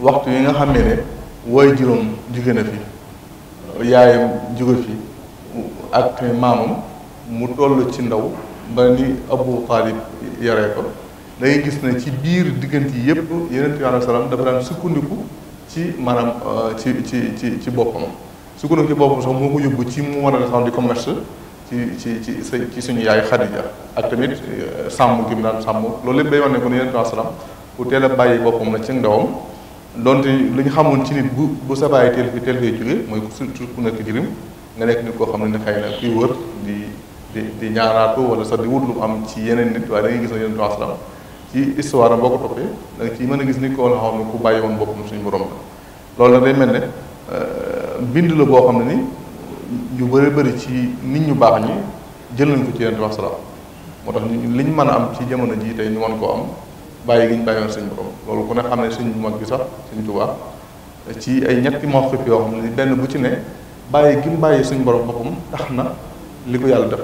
waxtu yi nga xam ne waay juróom jóge na fi yaayam jóge fi ak maamam mu toll ci ndaw ba ni Abu Taalib yaree ko da ngay gis ne ci biir diggante yi yëpp yonente bi alayhi salaam dafa daan sukkandiku ci maanaam euh, ci ci ci ci boppam. sukkandiku ci boobu sax moo ko yóbbu ci mu war a sax di commerce ci ci suñu yaay Xadija ak tamit euh, sàmm gi mu daan sàmm loolu lépp day wane ko ni yonent bi salaam bu teel a bàyyi boppam na ci ndawam donte ñu xamoon ci nit bu bu sa bàyyi teel fi teel mooy surtout ku nekk nga nekk nit koo xam ne xëy na kuy wër di di di ñaaraatu wala sax di wut lu am ci yeneen nit waaye da ngay gis ne yonent bi salaam ci histoire boo ko toppee da ci mën a gis nit ko xam ne ku bàyyi woon boppam suñu borom la loolu nag day mel ne euh, bind la boo xam ne ni ñu bëri bëri ci nit ñu baax ñi jël nañ ko ci yonent bi moo tax li ñu mën a am ci jamono jii tey ñu mën koo am bàyyi gi ñu bàyyi woon sëñ borom loolu ku ne xam ne sëñ bi sax sëñ Tuubaa ci ay ñetti mawqif xam ne benn bu ci ne bàyyi gi bàyyi suñu borom boppam tax na li ko yàlla def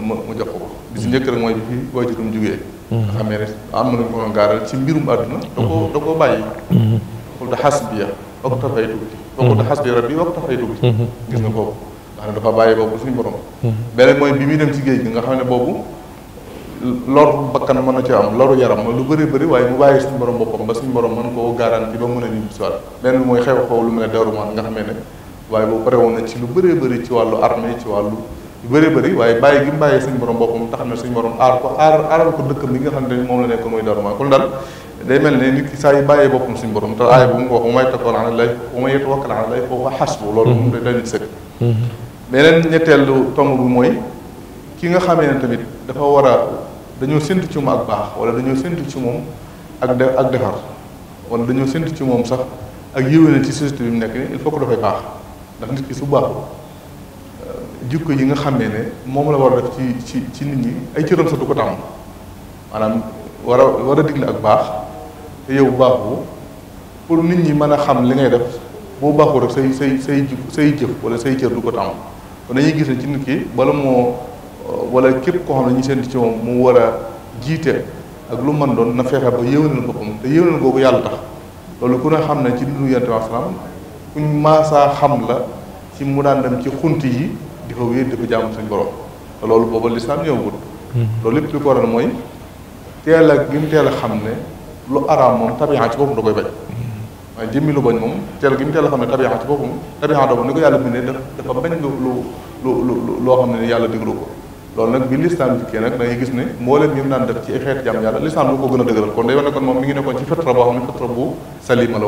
mu mu jox ko di si njëkk rek mooy bi fi waajurum jugee mm-hmm. nga xam ne am nañu ko doon gaaral ci mbirum àdduna da koo mm-hmm. da koo bàyyi xul mm-hmm. da xas biya ak tafay waxul mhm. xasbi rabbi wax tax lay dugg ci mhm. gis nga boobu nga xam ne dafa bàyyi boobu mhm. nga xam ne boobu lor bakkan mën na ci am loru yaram lu bëri ba suñu borom mën koo garanti ba a ñibbi si waat beneen mooy xew xew lu mel ne derumaan nga xamee ne waaye boobu pare woon na ci lu bëree bëri ci wàllu armée ci wàllu yu bëree bëri waaye bàyyi gi mu moom la nekk mooy derumaan kon daal day mel ne nit ki saa yu bàyyee boppam suñu borom te aaya bu mu wax wa may takoon ala lay wa may yatawakkal ala lay foofu xasbu loolu mooy ki nga xamee ne tamit dafa war a dañoo séntu ci moom ak baax wala dañoo séntu ci moom ak de ak defar wala dañoo séntu ci moom sax ak yéwéne ci société bi mu nekk nii il faut que dafay baax ndax nit ki su baaxul euh, jikko yi nga la war a def ci ci ci nit ñi ay cëram sax du ko tàmm maanaam war a war a digle ak baax te yow baaxoo pour nit ñi mën a xam li ngay def boo baaxoo rek say say say say jëf wala say cër du ko tàmm kon dañuy gis ne ci nit ki bala moo euh, wala képp koo xam ne ñu seen ci moom mu war a jiite ak lu mën doon na fexe ba yéwénal boppam te yéwénal googu yàlla tax loolu ku ne xam ne ci dundu yonent bi salaam kuñ maasaa xam la ci mu daan dem ci xunt yi di fa wéer di ko jaamu suñ te loolu booba lislaam ñëwagul mm-hmm. loolu lépp li ko waral mooy teel a gi teel a xam lu araam moom tabiaa ci boppam da koy bañ waaye jëmmi lu bañ moom teel gi mu teel la xam ne tabiaa ci boppam tabiaa doomu ni ko yàlla bindee daf dafa bañ lu lu lu loo xam ne yàlla diglu ko loolu nag bi lislaam dikkee gis ne mbooleem ñi mu daan def ci ay xeet a dëgëral kon day wane kon moom mi ngi nekkoon ci fitra boo xam ne fitra bu salima la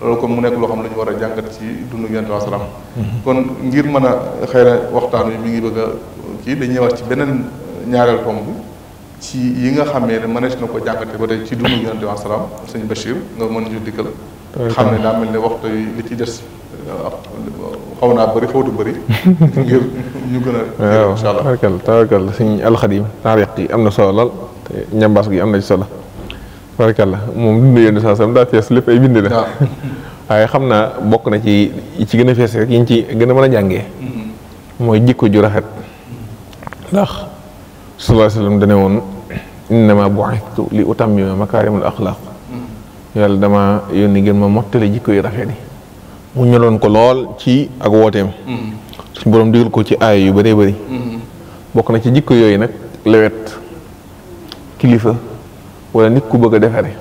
loolu kon mu nekk loo xam ne ñu war a jàngat ci dundu yonent wa salaam mhm. kon ngir mën a xëy na waxtaan wi mi ngi bëgg a kii dañuy ñëwaat ci beneen ñaareel tomb bi ci yi nga xamee ne mënees na ko jàngate ba tey ci dundu yonent bi salaam sëñ Bachir nga mën ñu dikkal xam ne daa mel ne waxtu yi li ci des euh, xaw naa bëri xawtu bëri ngir ñu gën a waaw tawakkal tawakkal sëñ alxadim taariq yi am na solo lool te ñambaas gi am na ci solo tawakkal moom dundu yonent bi salaam daa fees lépp ay bind la waaye xam naa bokk na ci ci gën a fees rek yi ñu ci gën a mën a jàngee mm-hmm. mooy jikko ju rafet mm-hmm. ndax sallallahu alayhi wa sallam dane woon innama bu'ithtu li utammima makaarimul axlaaq yàlla dama yónni ngeen ma mottale jikko yu rafet yi mu ñoroon ko lool ci ak wooteem suñu boroom digal ko ci aaya yu bëree bëri bokk na ci jikko yooyu nag lawet kilifa wala nit ku bëgg a defare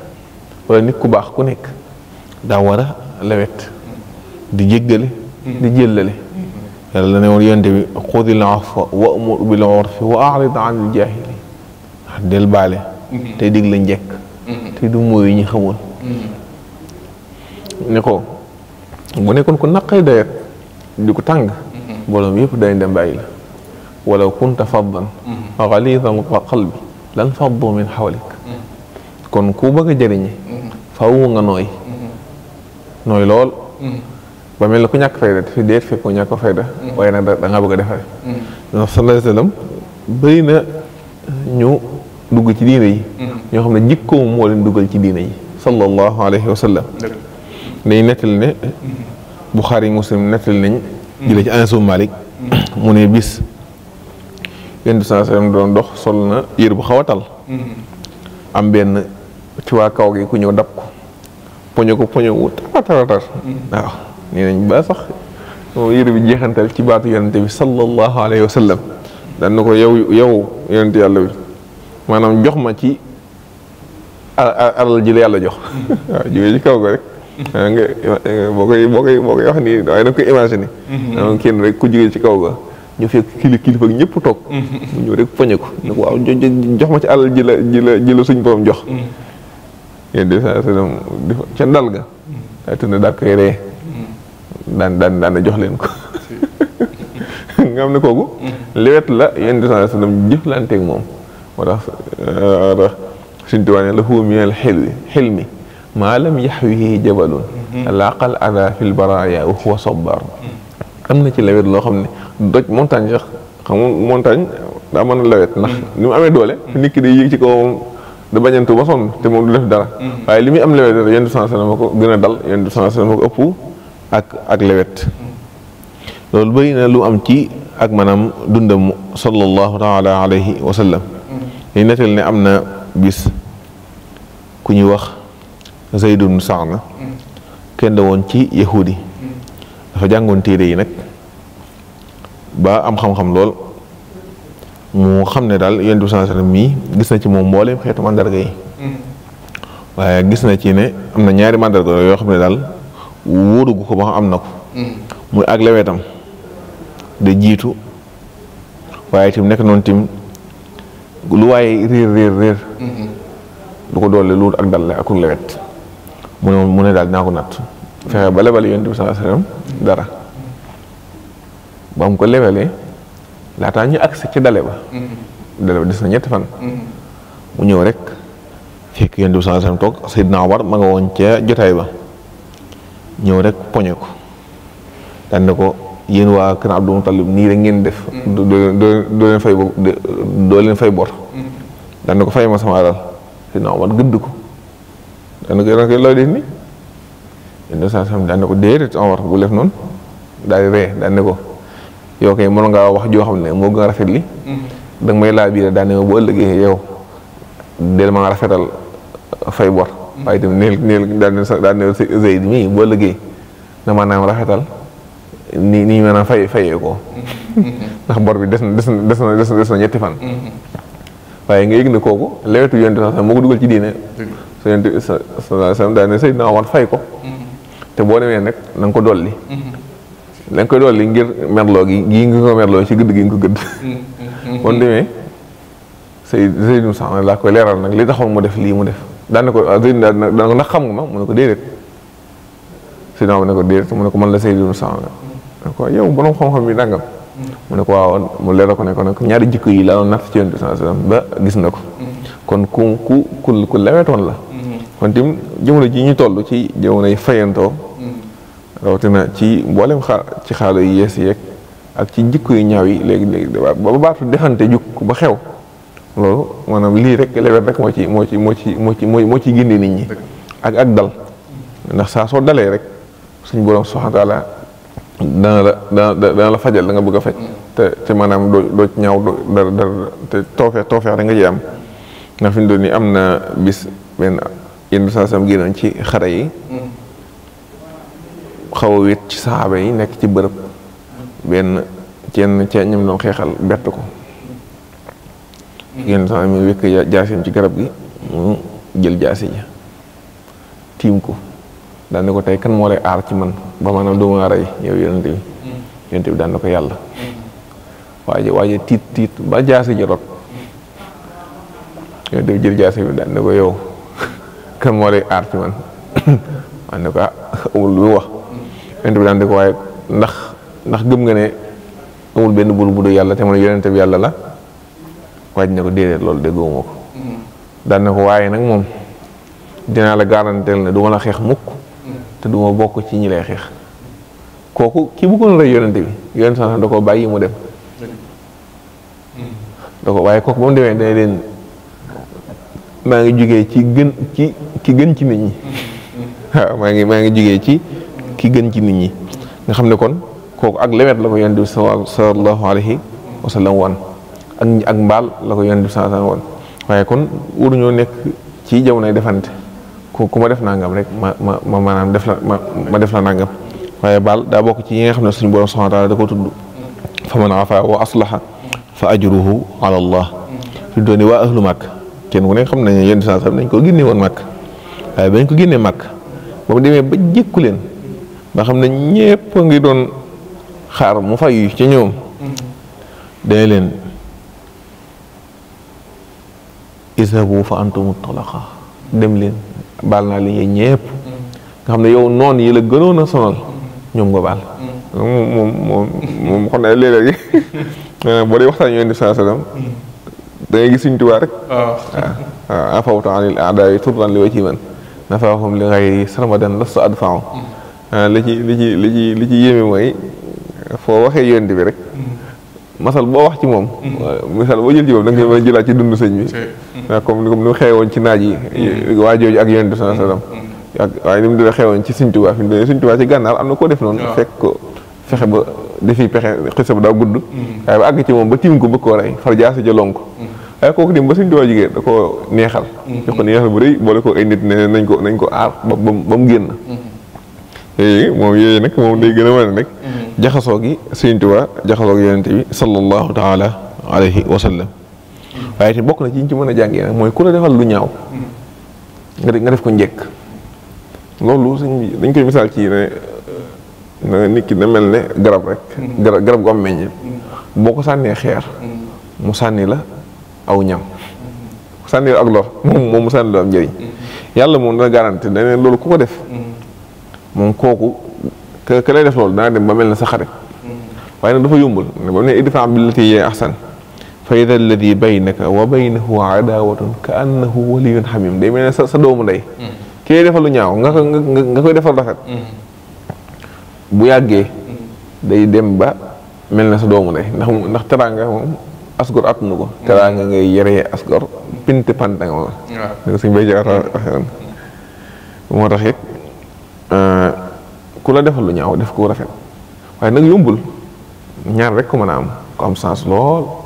walla nit ku baax ku nekk daa war a di jéggale di jëllale yàlla dana woon yonte bi xudil afwa wa'mur bil urfi wa a'rid anil jaahiliin wax ah, del baale mhm. tey dig la njëkk mhm. te du mooy ñi xamul mhm. ne ko bu nekkoon ku naqay dayet di ko tàng boroom yëpp dañ dem bàyyi la walaw kunta faddan galiizal qalbi lan faddu min xawlik kon ku bëgg a jëriñe faw nga nooy nooy lool ba mel ne ku ñàkk fayda dafi déet fekk ku ñàkk fayda waaye nag da ngaa bëgg mm-hmm. na ñu dugg ci diine yi mm-hmm. ñoo xam ne njikkoom moo leen duggal ci diine yi sallallahu alayhi wa sallam dañ nettali ne mm-hmm. Buxaari Muslim nettali nañ jële ci Anas Malik mu ne bis doon dox sol na yër bu xaw a tal am benn ci waa kaw gi ku ñëw dab ko poño ko poño wu tara tara tar waaw nee nañ ba sax yére bi jeexantal ci baatu yonente bi sallallahu alayhi wa sallam dan na ko yow yow yonente yàlla bi maanaam jox ma ci alal ji la yàlla jox waaw jógee ci kaw nga boo koy boo koy boo mhm. ku jógee ci kaw ga ñu fekk kili kilifa toog mhm. ci alal ji la ji daan daan daan jox leen ko nga ne kooku. lewet la yéen di sallallahu alayhi wa moom. moo tax suñu tubaab ne la huwa minal xilmi xilmi maa lam yaxwihi jabalun laqal ada fil baraya wa huwa sabbar am na ci lewet loo xam ne doj montagne sax xam montagne daa mën a lewet ndax ni amee doole nit ki day yéeg ci kawam da bañantu ba te moom du dara mm-hmm. waaye li muy am lewet dara yéen di ko gën a dal yéen di sallallahu alayhi ko ëpp ak ak lewet loolu bari na lu am ci ak maanaam dundam sallallahu taala alayhi wa sallam dañ ne am na bis ku ñuy wax zaydun saxna kenn da woon ci yahudi dafa jàngoon téere yi nag ba am xam-xam lool mu xam ne daal yonent bi sallallahu alayhi mii gis na ci moom mbooleem xeetu màndarga yi mm. waaye gis na ci ne am na ñaari màndarga yoo xam ne daal wóorugu ko ba xam am na ko muy ak lewetam da jiitu waaye tim nekk noonu tim lu waaye réer réer réer du ko doole loolu ak dal ak lewet mu ne mu ne daal dinaa ko natt ba lebal yonent bi sallallahu alayhi wasallam dara ba mu ko lebalee laataa ñu agsi ci dale ba dale ba des na ñetti fan mu ñëw rek fekk yonent bi sallallahu alayhi wasallam toog Seydina Omar ma nga woon ca jotaay ba ñëw rek poñe ko daan na ko yéen waa Kër Abdou Moutalib nii rek ngeen def. Mm. doo leen fay doo fay bor. Mm. daan ko fay ma sama alal si non man gëdd ko daan na ko yéen looy def nii. yéen ko déedéet Omar bu def noonu daal ree daan ko yow kay mën ngaa wax joo xam ne moo gën a rafet li mm. danga may laa biir daan ma bu ëllëgee yow del ma nga rafetal fay bor. waaye itam neel neel daal ne daal ne Zeyd mii boo liggéey na maanaam rafetal nii nii maanaam fay fayee ko ndax bor bi des na des na des na des na ñetti fan. waaye nga yëg ne kooku lewetu yonent sax moo ko dugal ci diine. sa yonent sa sa daal ne Seydina Omar fay ko. te boo demee nag na ko dolli. na nga koy dolli ngir merloo gi gii nga ko merloo ci gëdd gi nga ko gëdd. boo demee Seydou sax Sane laa koy leeral nag li taxoon mu def lii mu def. daan na ko Zeyd ah, daan na ko ndax xam nga ma mu ne ko déedéet Seydina mu ne ko déedéet mu ne ko man la Seydou Sane ne ko yow borom xam-xam nangam. mu ne ko waaw mu leer ko ne nag ñaari jikko yi laa doon natt ci Yonent sallallahu alayhi wasallam ba gis na ko. kon ku ku ku ku lewetoon la. kon tim jamono ji ñu toll ci jamonoy fayantoo. rawatina ci mboolem xa ci xaalo yi yees yeeg ak ci jikko yu ñaaw yi léegi léegi ba baatu defante jukk ba xew. loolu maanaam lii rek lewet rek moo ci moo ci moo ci moo ci moo ci génne nit ñi ak ak dal ndax saa soo dalee rek suñu borom subhanahu wa dana la dana la fajal da bëgg a faj te te maanaam doo doo ci ñaaw doo dara te toofeex toofeex rek nga ci am ndax fi mu doon nii am na bis benn yenn saa ci xare yi xaw a wét ci saxaaba yi nekk ci bërëb benn kenn ca ñoom doon xeexal bett ko yonent sax mi wékk jaaseem ci garab gi mu jël jaase ji tiim ko daan ne ko tey kan moo lay aar ci man ba maanaam doo ma rey yow yonent bi mm. yonent bi daan na ko yàlla mm. waaje waaje tiit tiit ba jaase ji rot yonent bi jël jaase bi ko yow kan moo lay aar ci man daan ne ko ah amul lu wax yonent bi daan ne ko waaye ndax ndax gëm nga ne amul benn buur bu dul yàlla te man yonent bi yàlla la waaj ne ko déedéet loolu déggoo ma ko mm-hmm. daan ne ko waaye nag moom dinaa la garanteel ne du ma la xeex mukk mm-hmm. te du ma bokk ci ñi lay xeex kooku ki bëggoon rey yonente bi yonente sax da ko bàyyi mu dem mm-hmm. da ko waaye kooku ba mu demee dana leen maa ngi jugee ci gën ci ki gën ci nit ñi waaw maa ngi maa ngi jugee ci ki gën ci nit ñi nga xam ne kon kooku ak lewet la ko yonente bi sallallahu alayhi wa sallam wan ak ak mbaal la ko yonent bi sallallahu woon waaye kon waruñoo nekk ci jamonoy defante ku ku ma def nangam rek ma ma maanaam def la ma ma def la nangam waaye baal daa bokk ci yi nga xam ne suñu borom subhanahu wa taala da ko tudd fa man afa wa aslaha fa ajruhu ala allah fi doon waa ahlu màkk kenn ku ne xam nañu yonent bi dañ ko génne woon màkk waaye ko génnee màkk ba mu demee ba jékku leen ba xam ne ñépp ngi doon xaar mu fayu ci ñoom mm-hmm. dana leen izhabu fa antum tulaqa dem leen baal naa li yéen ñëpp nga xam ne yow noon yi la gënoon a sonal ñoom nga baal moom moom moom xam ne léeg-léeg boo dee waxtaan yonent bi saa sallam da ngay gis suñ tubaa rek waaw ah. ah, ah, afawtu anil a'daa'i li li ghayri li ci li ci li ci li ci yéeme mooy foo waxee yonent bi rek mm. masal boo wax ci moom mm. misal boo jël ci moom da nga jëlaat ci dund sëñ bi ndax comme comme ni mu xewoon ci naaj yi waa ak yonent bi sallallahu alayhi wasallam ak waaye ni mu dina xewoon ci Sëñ Tuubaa fi mu dee Sëñ Tuubaa ci gànnaar am na koo def noonu fekk fexe ba dafiy pexe xisa ba daa gudd mm-hmm. waaye ba àgg ci moom ba tiim ko bëgg koo rey far jaasi ja lonk mm-hmm. waaye kooku dem ba Sëñ Tuubaa jógee da koo neexal mm-hmm. ko neexal bu rëy boole ko ay nit ne nañ ko nañ ko aar ba ba mu génn yooyu moom yooyu nag moom day gën a wane nag jaxasoo gi Sëñ Tuubaa jaxasoo gi yonent bi sallallahu taala alayhi wa sallam waaye te bokk na ci ñu ci mën a jàngee nag mooy ku la defal lu ñaaw nga def ko njëkk loolu suñ dañ koy misaal ci ne na nit ki da mel ne garab rek garab gu am meññe boo ko sànnee xeer mu sànni la aw ñam sànni la ak lor moom moom mu sànni la am njëriñ yàlla moom dana garanti dana loolu ku ko def moom kooku ka lay def loolu dana dem ba mel na sa xarit waaye nag dafa yombul ba mu ne idfa' billatii ak ahsan fa ida alladi baynaka wa baynahu adawatun ka annahu waliyun xamim day mel ne sa sa doomu ndey mm-hmm. ki lay defal lu ñaaw nga ko nga koy defal rafet mm-hmm. bu yàggee mm-hmm. day dem ba mel na sa doomu ndey ndax ndax teraanga moom asgor attunu ko teraanga ngay yeree asgor pinte panta nga suñ bay jawata waxewoon moo tax it euh, ku la defal lu ñaaw def ko rafet waaye nag yombul ñaar rek ko mën a am ko sens lool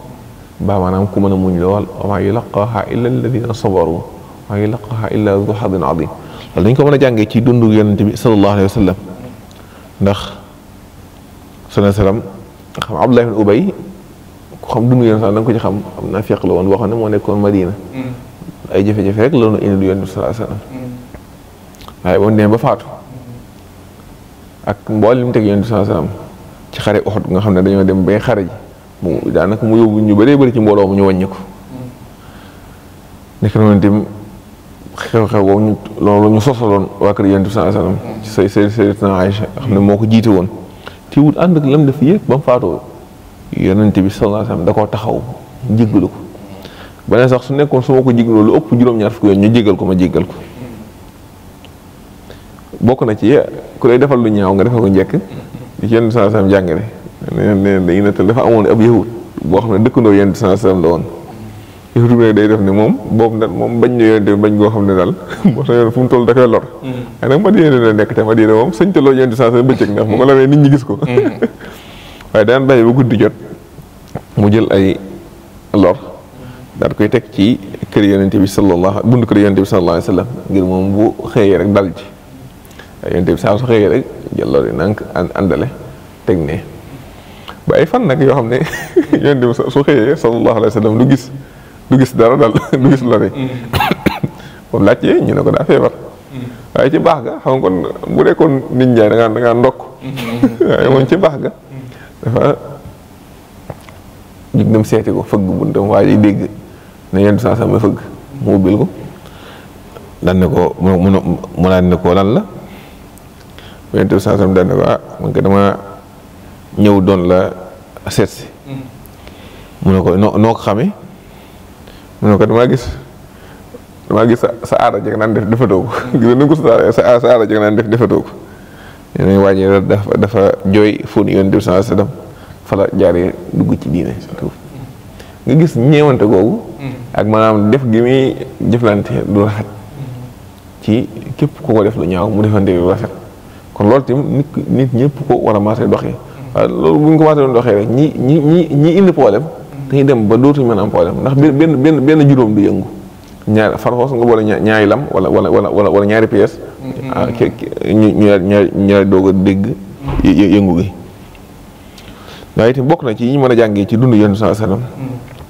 ba maanaam ku mën a muñ lool wa maa yulaqaaha illa alladina sabaru wa maa yulaqaaha illa du xadin adim loolu dañ ko mën a jàngee ci dundu yonente bi sallallahu alayhi wa sallam ndax sallallahu alayhi wa sallam xam Abdullah ibn Ubay ku xam dundu yonente da nga ko ci xam am naa feq la woon boo xam ne moo nekkoon Madina mm. ay jafe-jafe rek loolu indi yonente bi sallallahu alayhi mm. waaye boo nee ba faatu ak mbool teg yonente bi sallallahu alayhi wa sallam ci xare Uhud nga xam ne dañoo dem bay xare ji mu daanaka mu yóbbu ñu bëree bëri ci mbooloo mu ñu wàññi ko nekk xew-xew boobu ñu loolu ñu sosaloon waa kër yonent bi sallallahu ne moo ko jiite woon te wut ànd def yëpp ba faatoo yonent bi sallallahu alayhi da koo taxaw jéggalu ko sax su nekkoon su ko jéggaloo lu ëpp juróom-ñaar ñu jéggal ko ma jéggal ko na ci ku lay defal lu ñaaw nga defal ko njëkk li ci yonent bi sallallahu alayhi neen neen na nettal dafa amoon ab yahut boo xam ne dëkkandoo yonent bi sallallahu day def ne moom boobu nag moom bañ ñu yonent bañ goo xam ne daal moo fu mu toll da koy lor mm-hmm. waaye nag nekk te Madina moom sëñtaloo yonent bi sallallahu alayhi wasallam bëccëg ndax bu ko loree nit ko waaye daan bàyyi ba guddi jot mu jël ay lor daal koy teg ci kër yonent bi sallallahu bund kër yonent bi sallallahu alayhi wasallam ngir moom bu xëyee rek dal ci yonent bi saa su xëyee rek jël lor yi nànk àndale teg ne ba ay fan nag yoo xam ne yonent bi su xëyee sallallahu alayhi wa sallam du gis du gis dara dal du gis lori. moom laajte ñu ne ko daa feebar. waaye ci baax ga xam kon bu dee kon nit ñaay dangaa ngaa da ndokk. waaye moom ci baax ga. dafa jug dem seeti ko fëgg buntam waa ji dégg ne yonent saa sama fëgg mu ubbil ko. daan ko mu mu mu ko lan la yonent saa sama daan ne ko ah man ko dama. ñëw doon la seet si mm. mu ne ko noo noo ko xamee mu ne ko damaa gis gis sa sa aada jeg naan def defatoo ko mm. gis nga ko sa sa aada jeg naan dafa dafa jooy fóon yoon bi sallallahu alayhi wasallam jaaree dugg ci diine mm. nga gis ñeewante googu. ak maanaam def gi muy jëflante du rafet ci képp ku ko def lu ñaaw mu defante lu rafet kon loolu tamit nit nit ñëpp ko war a maasee doxee. waaw loolu bu ñu ko waatee doon doxee rek ñi ñi ñi ñi indi problème dañuy dem ba dootuñ mën am problème ndax benn benn benn juróom du yëngu ñaar farxoos nga boole ñaari lam wala wala wala wala ñaari pièces. Mm-hmm. Ah ñu ñu ñu doog a dégg yëngu gi. waaye itam bokk na ci ñi mën a jàngee ci dund yenn saa salaam.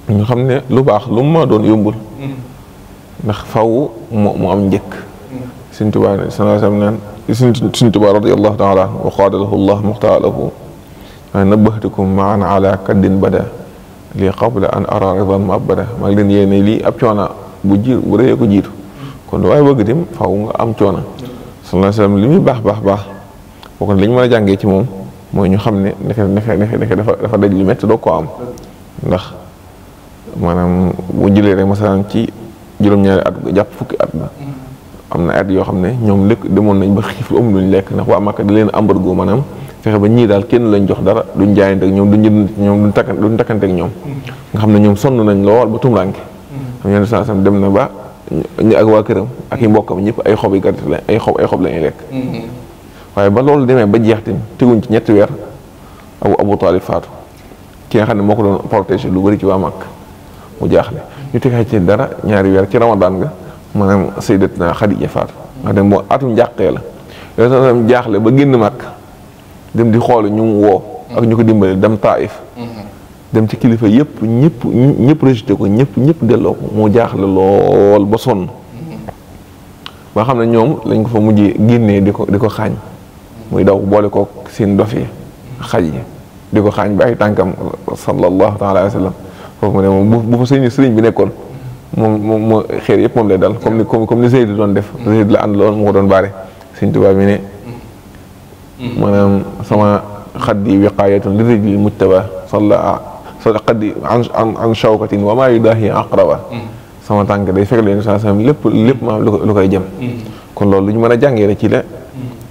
ñu xam ne lu baax lu mu ma doon yombul. Mm-hmm. ndax faw mu mu am njëkk. Mm-hmm. Sëñ Tuubaa sallallahu alayhi wa sallam naan Sëñ Tuubaa wa qaada lahu Allah muxtaalahu nabbahtukum maan ala kaddin bada lii qabla an ara ridan ma bada maa lii ab coona bu bu jiitu kon lu waaye dem faw nga am coona sallallahu alayhi wa sallam li baax baax baax bokk na li ñu mën a jàngee ci moom mooy ñu xam ne nekk dafa dafa daj lu métti doo ko ndax maanaam bu jëlee rek masalan ci juróom-ñaari at jàpp fukki at am na yoo xam ne ñoom lékk demoon nañ ba xiif lu am luñ lekk ndax waa Makka da leen embargo maanaam fexe ba ñii daal kenn lañ jox dara duñ jaayante ak ñoom duñ jënd ñoom duñ takkan duñ takkante ak ñoom nga xam ne ñoom sonn nañ lool ba tumuraanke xam ñeen saa sam dem na ba ñu ak waa këram ak yi mbokkam ñëpp ay xob yi gàtt lañ ay xob ay xob la ñuy lekk mm-hmm. waaye ba loolu demee ba jeex tamit teguñ ci ñetti weer abu abu taalib faatu ki nga xam ne moo ko doon protéger lu bëri ci waa màkk mu jaaxle ñu tegaay ci dara ñaari weer ci ramadan nga maanaam sayyidatna Xadija faatu nga xam ne moo atum njàqee la yooyu jaaxle ba génn màkk dem di xool ñu mu woo. ak ñu ko dimbali dem Taïf. dem ci kilifa yëpp ñëpp ñëpp rejeté ko ñëpp ñëpp delloo ko mu jaaxle lool ba sonn. ba xam ne ñoom lañ ko fa mujj génnee di ko di ko xaañ. muy daw boole kook seen dof yi xaj yi di ko xaañ ba ay tànkam sallallahu taala alayhi wa sallam foofu mu ne moom bu fa sëñ sëriñ bi nekkoon. moom moom moo xeer yëpp moom lay dal comme ni comme ni Zeyd doon def. Zeyd la ànd lool mu ko doon baare Sëñ Tuubaa bi ne. maanaam sama xaddi wiqaayatun li rijli mujtaba salla salla xaddi an an shawkatin wa maa yudaahi aqraba sama tànk day fekk leen saa lépp lépp maam lu koy jëm kon loolu lu ñu mën a jàngee rek ci la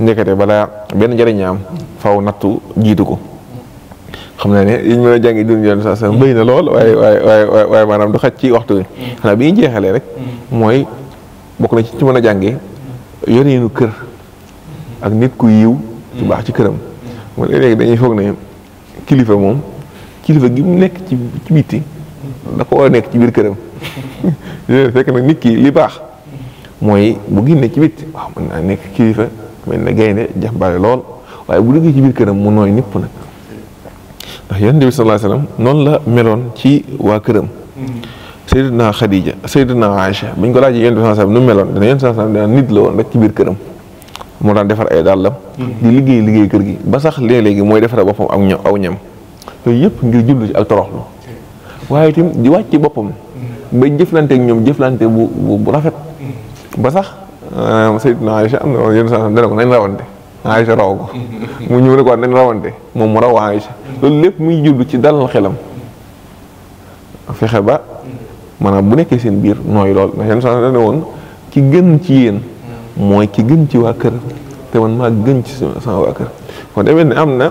ndekete balaa benn njëriñaam faw nattu jiitu ko xam naa ne yi ñu mën a jàngee dund yoon saa saa bëy na lool maanaam du xaj ci bi jeexalee rek mooy bokk na ci ci mën a jàngee yoreenu kër ak nit ku yiw bu baax ci këram. moo léeg dañuy foog ne kilifa moom kilifa gi mu nekk ci ci yi dafa ko war a nekk ci biir këram. fekk nag nit ki li baax mooy bu génnee ci bitti waaw mën naa nekk kilifa mel na gaynde jax bale lool waaye bu duggee ci biir këram mu nooy ñëpp nag. ndax yonent bi sallallahu alayhi wasallam noonu la meloon ci waa këram. Sayyidina Khadija Sayyidina Aïcha ko laajee yonent bi sallallahu alayhi wasallam nu nit la woon rek ci biir këram. moo daan defar ay dàllam di liggéey liggéey kër gi ba sax léeg-léegi mooy defare boppam ak ñam aw ñam yooyu yëpp ngir jublu ci ak toroxlu waaye itam di wàcc boppam ba jëflante ak ñoom jëflante bu bu rafet ba sax euh, Seydina Aïcha am na yenn saa ko nañ rawante Aïcha mu ñëw ne ko nañ rawante moom mu raw loolu lépp muy jublu ci dalal xelam fexe ba maanaam bu nekkee seen biir nooy lool yenn saa dana woon ci gën ci yéen mooy ki gën ci waa këram te man maa gën ci sama waa kër kon demee ni am na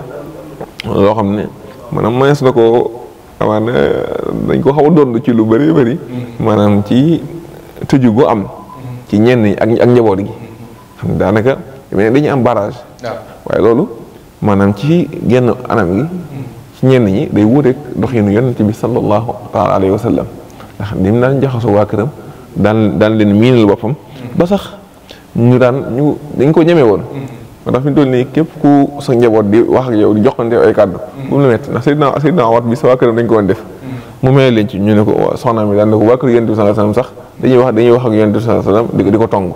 loo xam ne maanaam mënees na ko amaana dañ ko xaw a doon ci lu bëri bëri maanaam ci tëju gu am ci ñenn ñi ak ak njaboot gi xam ne daanaka mais am barrage waaye loolu maanaam ci genn anam gi ci ñenn ñi day wuuteeg doxinu yonent bi sallallahu taala alayhi wa sallam ndax dim daan jaxasoo waa këram daan daan leen miinal boppam ba sax ñu daan ñu dañ ko ñeme woon. ndax fi ñu nii képp ku sa njaboot di wax ak yow di joxante ay kàddu. bu mu la métti ndax Seydina Seydina Omar bi sa waa woon def. mu mel leen ci ñu ne ko soxna mi daan ne ko waa kër Yonent bi sallallahu alayhi sax dañuy wax dañuy wax ak Yonent bi di ko tong.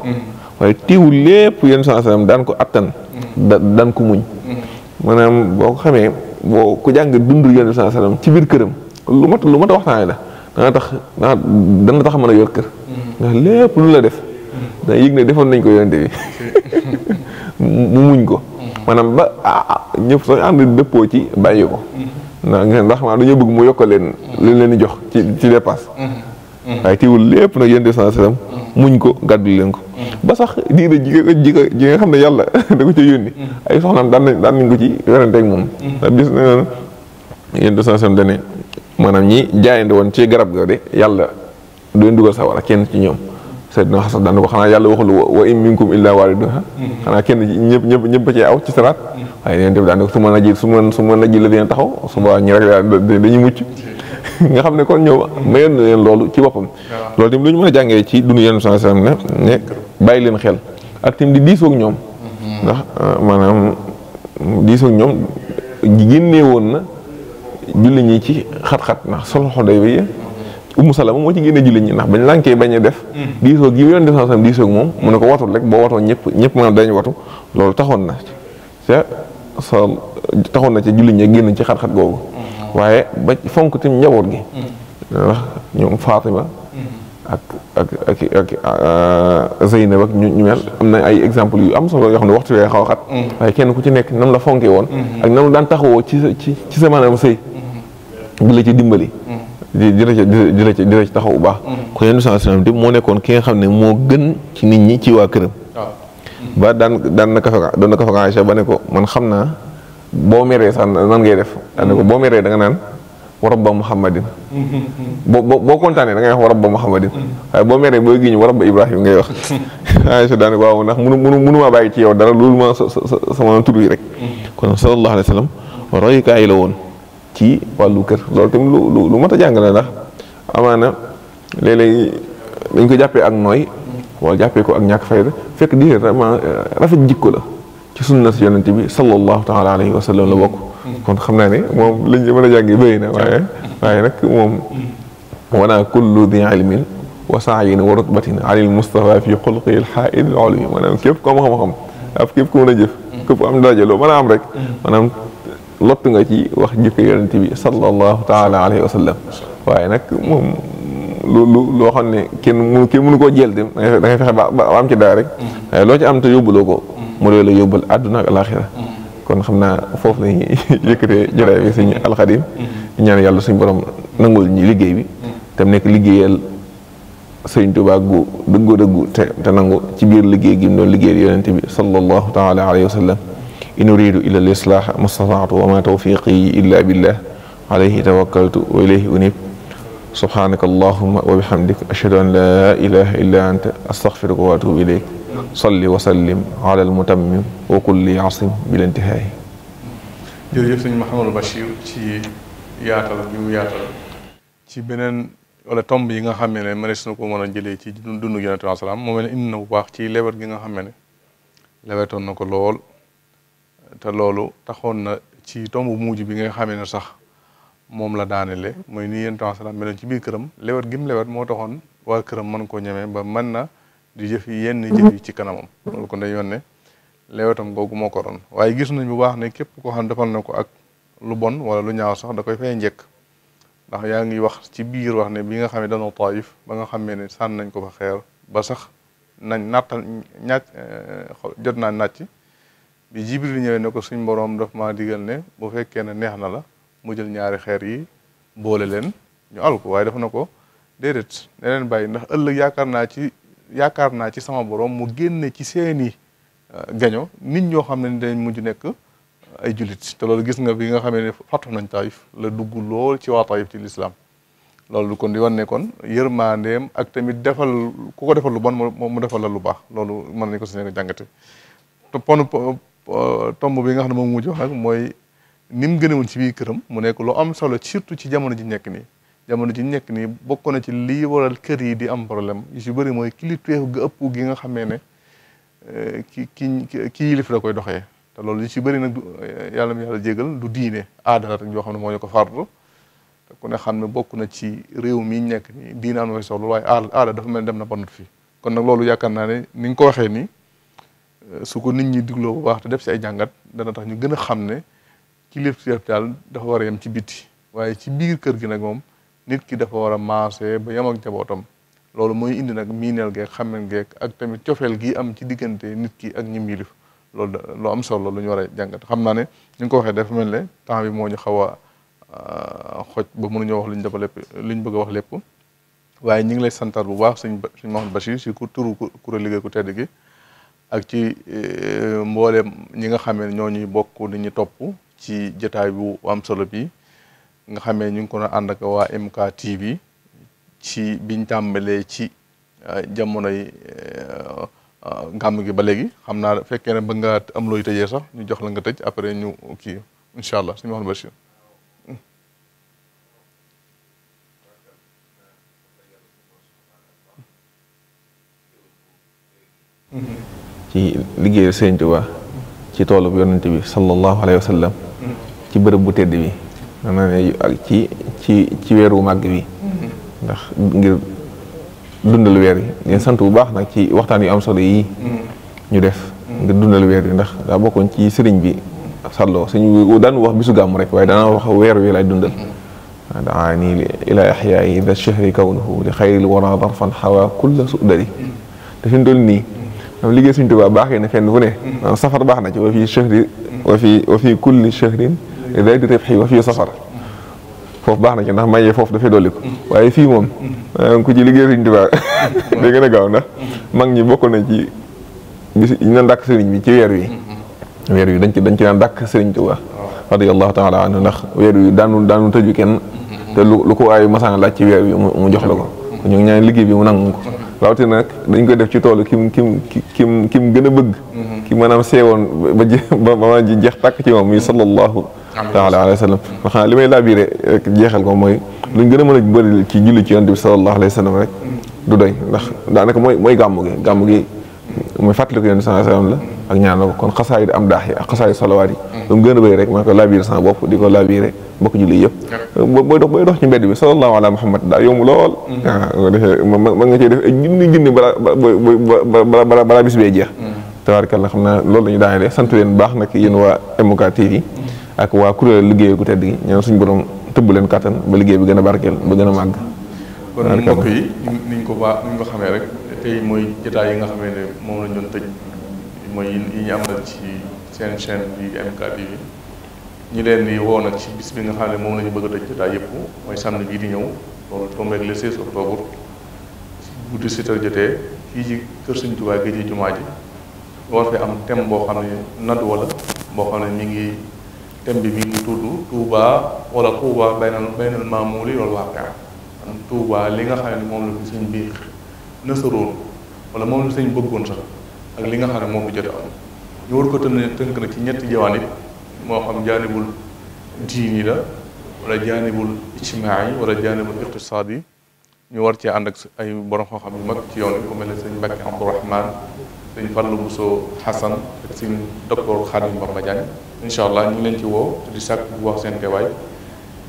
waaye teewul lépp Yonent bi sallallahu alayhi daan ko attan. da daan ko muñ. maanaam boo ko xamee boo ku jàng dund Yonent bi sallallahu ci biir këram lu mat lu mat waxtaanee la dana tax dana tax mën a yor kër. ndax lépp lu la def da yëg ne defoon nañ ko yonent bi mu muñ ko mm-hmm. maanaam ba ñëpp soo ànd dëppoo ci bàyyi ko mm-hmm. ndax maa dañoo bëgg mu yokk leen mm-hmm. li leen di jox ci ci dépasse waaye teewul lépp nag yonent bi sallallahu muñ ko gàddu leen ko ba sax diire ji ji ji nga xam ne yàlla da ko ci yónni ay soxnaam daan nañ daan nañ ko ci werante moom ndax bis na yonent bi sallallahu alayhi wasallam maanaam ñi jaayante woon ci garab ga de yàlla doon dugal sawara kenn ci ñoom Seydina Xasan daan na ko xanaa yàlla waxul wa in minkum illa waaliduha xanaa kenn ñëpp ñëpp ñëpp cee aw ci saraat waaye yeneen tamit daan na ko su ma naji su ma su ma naji la dina taxaw su ma ñi rek dañuy mucc nga xam ne kon ñëw mayoon na leen loolu ci boppam loolu tamit lu ñu mën a jàngee ci dund yenn saa sallam ne ne bàyyi leen xel ak tamit di diisoog ñoom mhm. ndax euh, maanaam diisoog ñoom génnee woon na julli ñi ci xat-xat ndax solo xol day wéy Umu Salama moo ci génne jullit ñi ndax bañ lànkee bañ a def mm. diisoo gi mu doon def na sam moom mu ne ko watul rek boo watoo ñëpp ñëpp mën dañ watu loolu taxoon na ca sa taxoon na ca jullit ñi génn ci xat-xat mm. waaye ba fonk tim njaboot gi mm. ndax ñoom ak ak ak ak euh, ak ñu ñu mel am na ay exemple yu am solo yoo xam ne waxtu wee xaw xat waaye kenn ku ci nekk nam la fonkee woon mm-hmm. ak nam la daan taxawoo ci ci ci sa maanaam sëy bi mm-hmm. la ci dimbali dina ci dina ci dina ci taxaw bu baax. Mhm. kon yéen moo nekkoon ki nga xam ne moo gën ci nit ñi ci waa këram. Ah. ba daan daan na kafe doon na kafe Aïcha ba ne ko man xam naa boo meree sax nan ngay def. daan ne ko boo meree da nga naan wa rabba muhammadin. Mhm. boo boo boo kontaanee da ngay wax wa rabba muhammadin. Mhm. waaye boo meree boo giñ wa rabba ibrahim ngay wax. Aïcha daan ne ko waaw ndax munu munu munumaa bàyyi ci yow dara loolu ma sa sa sama tur yi rek. kon sallallahu alayhi wa sallam royukaay la woon. ci wàllu kër loolu lu lu lu a jàngale ndax amaana léeg-léeg dañ ko jàppee ak nooy wala jàppee ko ak ñàkk fayda fekk diine vraiment euh, rafet jikko la ci sunna si yonent bi sallallahu taala alayhi wa sallam la bokk kon xam naa ne moom lañ mën a jàngee bëri na waaye waaye nag moom wana kullu di ilmin wa saayin wa rutbatin alil mustafa fi xulqi lxaaid lolumi maanaam képp ko ma xam-xam ak képp ku am daraja mën a am rek lottu nga ci wax jikko yonent bi sallallahu taala alayhi wa waaye nag moom lu lu loo xam ne kenn mënu mënu koo jël dem da fexe ba am ci dara rek waaye mm-hmm. eh, loo ci am te yóbbuloo ko mm-hmm. mu doy la yóbbal àdduna ak alaxira mm-hmm. kon xam naa foofu lañuy yëkkatee jaraay bi suñu alxadim ñaan yàlla suñu borom nangul ñi liggéey bi tam nekk liggéeyal sëriñ Tuubaa gu dëggoo dëggu te te nangu ci biir liggéey gi mu doon liggéeyal yonent bi sallallahu taala alayhi wa in uridu illa al islah mastataatu wa ma tawfiqi illa billah alayhi tawakkaltu wa ilayhi unib subhanaka allahumma wa bihamdik ashhadu an la ilaha illa anta astaghfiruka wa atubu ilayk salli wa sallim ala al mutammim wa kulli asim bil intihaay jërëjëf sëñ Mouhamadou Bachir ci yaatal bi mu yaatal ci beneen wala tomb yi nga xam ne mënees na ko mën a jëlee ci dundu Yonent bi salaam moo mel ne indi na bu baax ci lewet gi nga xam ne lewetoon na ko lool te loolu taxoon na ci tomb bu mujj bi nga xamee ne sax moom la daanele mooy ni yéen temps salaam meloon ci biir këram lewet gim lewet moo taxoon waa këram mën koo ñemee ba mën na di jëf yenn jëf yi ci kanamam kon dañu ne lewetam googu moo ko waaye gis nañ bu baax ne képp koo xam defal na ko ak lu bon wala lu ñaaw sax da koy fay njëkk ndax yaa ngi wax ci biir wax ne bi nga xam ne dañoo taayif ba nga xamee ne sànn nañ ko fa xeer ba sax nañ nattal ñaaj eh, jot naa nàcc bi jibril ñëwee ne ko suñ boroom daf maa digal ne boo fekkee ne neex na la mu jël ñaari xeer yi boole leen ñu al ko waaye daf na ko déedéet ne leen bàyyi ndax ëllëg yaakaar naa ci yaakaar naa ci sama boroom mu génne ci seeni euh, gaño nit ñoo xam ne dañ mujj nekk euh, ay jullit te loolu gis nga bi nga xamee ne fàttu nañ taayif la dugg lool ci waa taayif ci lislaam loolu kon di wan ne kon yërmandeem ak tamit defal ku ko defal lu bon mu defal la lu baax loolu mën nañ ko si nekk jàngate Euh, tomb bi nga xam ne moom mu jox nag mooy ni mu ci biir këram mu nekk lu am solo surtout ci jamono ji nekk nii jamono ji nekk nii bokk na ci lii waral kër yi di am problème yu si bëri mooy kilifteef ga ëpp nga xamee ne euh, ki ki ki yilif la koy doxee te loolu yu si bëri nag euh, yàlla mi yàlla jégal du diine aada rek yoo xam ne moo ñu ko fardu te ne xam ne bokk na ci réew mi nekk nii diine am na koy waaye aada aada dafa mel dem na banut fii kon nag loolu yaakaar naa ne ni nga ko waxee nii Euh, su ko nit ñi digloo bu baax te def si ay jàngat dana tax ñu gën a xam ne kilifteef daal dafa war a yem ci biti waaye ci biir kër gi nag moom nit ki dafa war a maase ba yem ak njabootam loolu mooy indi nag miineel xam xamen geeg ak tamit cofeel gi am ci diggante nit ki ak ñim yilif loolu lu am solo lu ñu war a jàngat xam naa ne ñu ngi ko waxee dafa mel ne temps bi moo ñu xaw a euh, xoj ba mënuñoo wax liñ dafa lépp liñ bëgg a wax lépp waaye ñu ngi lay santar bu baax suñ suñ Mouhamed Bachir si ku turu kuréel liggéey ku tedd gi ak ci euh, mboolem ñi nga xamee ne ñoo ñuy bokk nit ñi topp ci jotaay bu am solo bi nga xamee ñu ngi ko doon ànd ak waa MK TV ci biñ tàmbalee ci euh, jamonoy euh, gàmm gi ba léegi xam naa fekkee ne bëgg am looy tëjee sax ñu jox la nga tëj après ñu kii incha allah suñu waxoon Bachir Mm-hmm. ci liggéeyu Sëriñ Tuubaa ci toolub yonent bi sallallahu alayhi wa sallam ci bërëb bu tedd bi dana ne ak ci ci ci weeru màgg bi ndax ngir dundal weer yi leen sant bu baax nag ci waxtaan yu am solo yi ñu def ngir dundal weer yi ndax daa bokkoon ci sëriñ bi salloo suñu daan wax su gàmm rek waaye dana wax weer wi lay dundal daa nii ilaa axyaayi da chahri kawnuhu li xayril wara darfan xawa kulla sudari te fi mu toll nii liggéey suñ tubaab baaxee na fenn fu ne hmm. safar baax na ci wa fii chahri wa fii wa fii kulli chahrin zaydi ribxi wa fii safar foofu baax na ci ndax mayee foofu dafay dolli ko hmm. waaye fii moom hmm. ku ci liggéey suñ tubaab day gën a gaaw ndax mag ñi bokk na ci bis ñu naan dàkk sëriñ bi ci weer wi weer wi dañ ci dañ ci naan dàkk sëriñ tubaab oh. radiyallahu taala anhu ndax weer wi daanu daanu tëju kenn te lu ko waaye masaan laaj ci weer wi mu jox la ko ñu ngi liggéey bi mu nangu ko rawatina nag dañ koy def ci toolu ki mu ki mu ki ki mu gën a bëgg. Mhm. ki maanaam seewoon ba je ba ma jeex takk ci moom muy sallallahu taala alayhi wa sallam mhm. ma xam li may laabiré rek euh, jeexal ko mooy luñ gën a mën a bëri ci julli ci yonent bi sallallahu alayhi wa sallam rek mhm. du doy ndax daanaka mooy mooy gàmmu gi gàmmu gi. muy fàttaliku yonent sallallahu alayhi wasallam la ak ñaan la ko kon xasaayid am daax yi ak xasaayid salawaat yi mm. lu mu gën a bëri rek maa ko laabire sama bopp di ko laabire mbokk julli yëpp booy dox booy dox ci mbedd bi sallallahu ala muhammad daa yomb lool waaw mm. ah, defee ma nga cee def ay junni junni balaa balaa balaa bis bee mm. xam naa loolu la ñu daanee de sant leen baax nag yéen waa MK TV ak waa kuréel liggéey gu tedd gi ñaan suñ borom tëbb leen kattan ba liggéey bi gën a barkeel ba gën a màgg kon mbokk yi niñ ko baa niñ xamee rek tey mooy jotaay yi nga xamee ne moom la ñu doon tëj mooy yi ñu amal ci seen chaîne bi bi ñu leen di woo nag ci bis bi nga xam ne moom lañu ñu bëgg a tëj jotaay yëpp mooy samedi bii di ñëw loolu tombé ak le 16 octobre ci guddi jotee fii ci kër Sëñ Tuubaa gi ci jumaa ji war fi am thème boo xam ne nadu wala boo xam ne mi ngi thème bi mi ngi tudd Touba wala Touba baynal baynal maamuli wal waaqi am Touba li nga xam ne moom la fi sëñ bi nësaroon wala moom la sëñ bëggoon sax ak li nga xam ne moo ko jot am ñu war ko tën tënk na ci ñetti jawaanib moo xam jaanibul diini la wala jaanibul ijtimaai yi wala jaanibul iqtisaad yi ñu war cee ànd ak ay borom xam xam yu mag ci yoon yi ku mel ne sëñ Mbàkke Abdourahman sëñ Fallu Buso Xasan ak sëñ docteur Xaadim Bamba Diagne incha allah ñu ngi leen ci woo di sàkk bu wax seen teewaay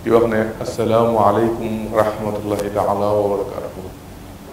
di wax ne asalaamualeykum wa rahmatullahi taala wa barakatuhu